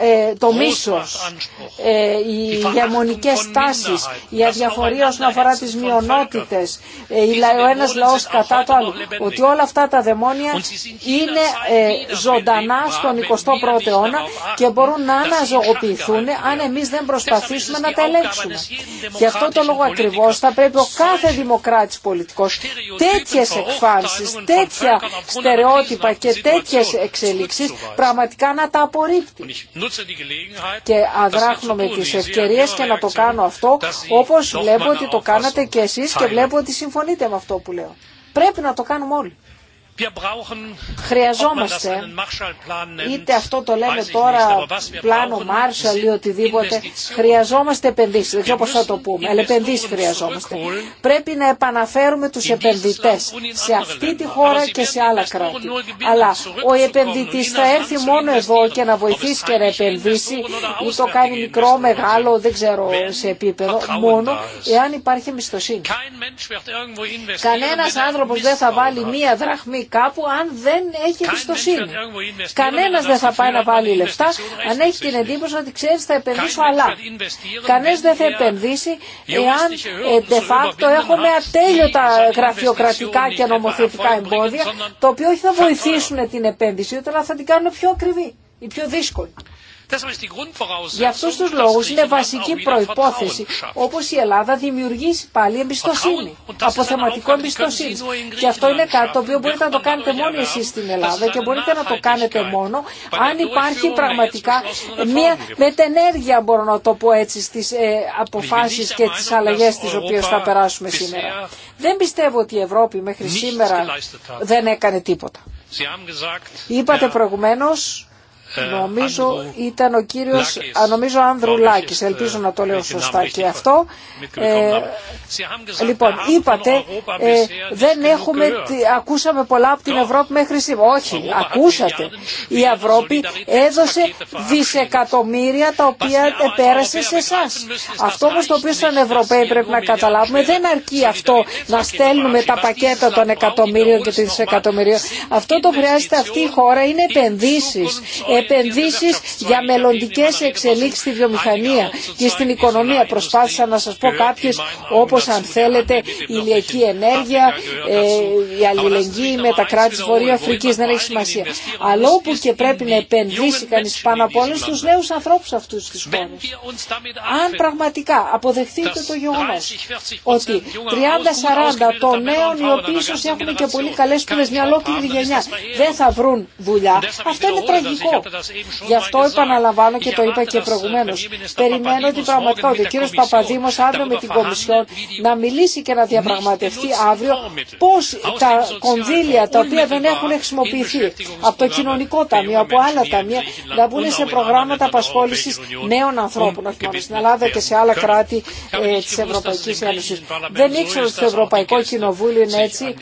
ε, το μίσος, ε, οι γεμονικές τάσεις, η αδιαφορία όσον αφορά τις μειονότητες, ε, ο ένας λαός κατά το άλλο, ότι όλα αυτά τα δαιμόνια είναι ζωντανά στον 21ο αιώνα και μπορούν να αναζωοποιηθούν αν εμείς δεν προσπαθήσουμε να τα ελέγξουμε. Γι' αυτό το λόγο ακριβώς θα πρέπει ο κάθε δημοκράτης πολιτικός τέτοιες εκφάνσεις, τέτοια στερεότυπα και τέτοιες εξελίξεις πραγματικά να τα απορρίπτει και αδράχνομαι τις ευκαιρίες και να το κάνω αυτό όπως βλέπω ότι το κάνατε και εσείς και βλέπω ότι συμφωνείτε με αυτό που λέω. Πρέπει να το κάνουμε όλοι. Χρειαζόμαστε, είτε αυτό το λέμε τώρα πλάνο Marshall ή οτιδήποτε, χρειαζόμαστε επενδύσεις, δεν ξέρω πώς θα το πούμε, αλλά επενδύσεις χρειαζόμαστε. Πρέπει να επαναφέρουμε τους επενδυτές σε αυτή τη χώρα και σε άλλα κράτη. Αλλά ο επενδυτής θα έρθει μόνο εδώ και να βοηθήσει και να επενδύσει ή το κάνει μικρό, μεγάλο, δεν ξέρω σε επίπεδο, μόνο εάν υπάρχει εμπιστοσύνη. Κανένας er άνθρωπος δεν θα βάλει μία δραχμή κάπου αν δεν έχει εμπιστοσύνη. Oh, Κανένα δεν θα πάει να βάλει λεφτά αν έχει την εντύπωση ότι ξέρει θα επενδύσω αλλά. Κανένα δεν θα επενδύσει εάν ε, de facto έχουμε ατέλειωτα γραφειοκρατικά και νομοθετικά εμπόδια, το οποίο όχι θα βοηθήσουν την επένδυση, αλλά θα την κάνουν πιο ακριβή ή πιο δύσκολη. Για αυτούς του λόγου είναι βασική προπόθεση όπω η Ελλάδα δημιουργήσει πάλι εμπιστοσύνη, αποθεματικό εμπιστοσύνη. Και αυτό είναι κάτι το οποίο μπορείτε να το κάνετε μόνο εσεί στην Ελλάδα και μπορείτε να το κάνετε μόνο αν υπάρχει πραγματικά μια μετενέργεια, μπορώ να το πω έτσι, στις ε, αποφάσει και τι αλλαγέ τι οποίε θα περάσουμε σήμερα. Δεν πιστεύω ότι η Ευρώπη μέχρι σήμερα δεν έκανε τίποτα. Είπατε προηγουμένω ε, νομίζω ήταν ο κύριος, νομίζω Ανδρουλάκης, ελπίζω ε, να το λέω σωστά και αυτό. Ε, λοιπόν, είπατε, ε, δεν έχουμε, ακούσαμε πολλά από την Ευρώπη μέχρι σήμερα. Όχι, ακούσατε. Η Ευρώπη έδωσε δισεκατομμύρια τα οποία επέρασε σε εσά. Αυτό όμως το οποίο σαν Ευρωπαίοι πρέπει να καταλάβουμε, δεν αρκεί αυτό να στέλνουμε τα πακέτα των εκατομμύριων και των δισεκατομμυρίων. Αυτό το χρειάζεται αυτή η χώρα είναι επενδύσεις επενδύσει για μελλοντικέ εξελίξει στη βιομηχανία και στην οικονομία. Προσπάθησα να σα πω κάποιε, όπω αν θέλετε η ηλιακή ενέργεια, ε, η αλληλεγγύη με τα κράτη τη Βορείου Αφρικής δεν έχει σημασία. Αλλά όπου και πρέπει να επενδύσει κανεί πάνω από όλους του νέου ανθρώπου αυτού τη χώρα. Αν πραγματικά αποδεχτείτε το γεγονό οτι ότι 30-40 των νέων οι οποίοι ίσω έχουν και πολύ καλέ σπουδέ, μια ολόκληρη γενιά δεν θα βρουν δουλειά, αυτό είναι τραγικό. Γι' αυτό επαναλαμβάνω και το είπα και äh, προηγουμένω. Περιμένω την πραγματικότητα. Ο κύριο Παπαδήμο αύριο με την Κομισιόν να μιλήσει και να διαπραγματευτεί αύριο πώ τα κονδύλια τα οποία δεν έχουν χρησιμοποιηθεί από το κοινωνικό ταμείο, από άλλα ταμεία, να μπουν σε προγράμματα απασχόληση νέων um ανθρώπων, όχι μόνο στην Ελλάδα και σε άλλα κράτη τη Ευρωπαϊκή Ένωση. Δεν ήξερα στο Ευρωπαϊκό Κοινοβούλιο είναι έτσι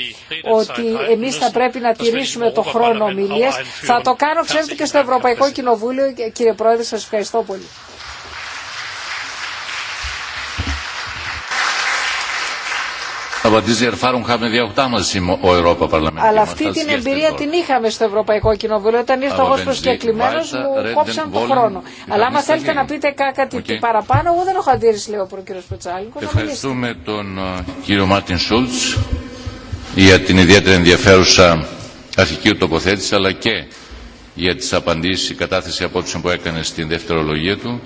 ότι εμεί θα πρέπει να τηρήσουμε το χρόνο ομιλία. Θα το κάνω, ξέρετε, και στο Ευρωπαϊκό Ευρωπαϊκό Κοινοβούλιο. Κύριε Πρόεδρε, σας ευχαριστώ πολύ. Αλλά αυτή την εμπειρία την είχαμε στο Ευρωπαϊκό Κοινοβούλιο. Όταν ήρθα εγώ προσκεκλημένο μου κόψαν τον χρόνο. Αλλά άμα θέλετε να πείτε κάτι παραπάνω, εγώ δεν έχω αντίρρηση, λέει ο πρόεδρο Πετσάλικο. Ευχαριστούμε τον ε, κύριο Μάρτιν Σούλτ για την ιδιαίτερα ενδιαφέρουσα αρχική του τοποθέτηση αλλά και για τις απαντήσεις, η κατάθεση απόψεων που έκανε στην δευτερολογία του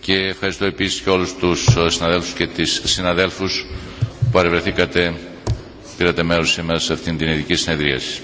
και ευχαριστώ επίσης και όλους τους ε, συναδέλφους και τις συναδέλφους που παρευρεθήκατε, πήρατε μέρος σήμερα σε αυτήν την ειδική συνεδρίαση.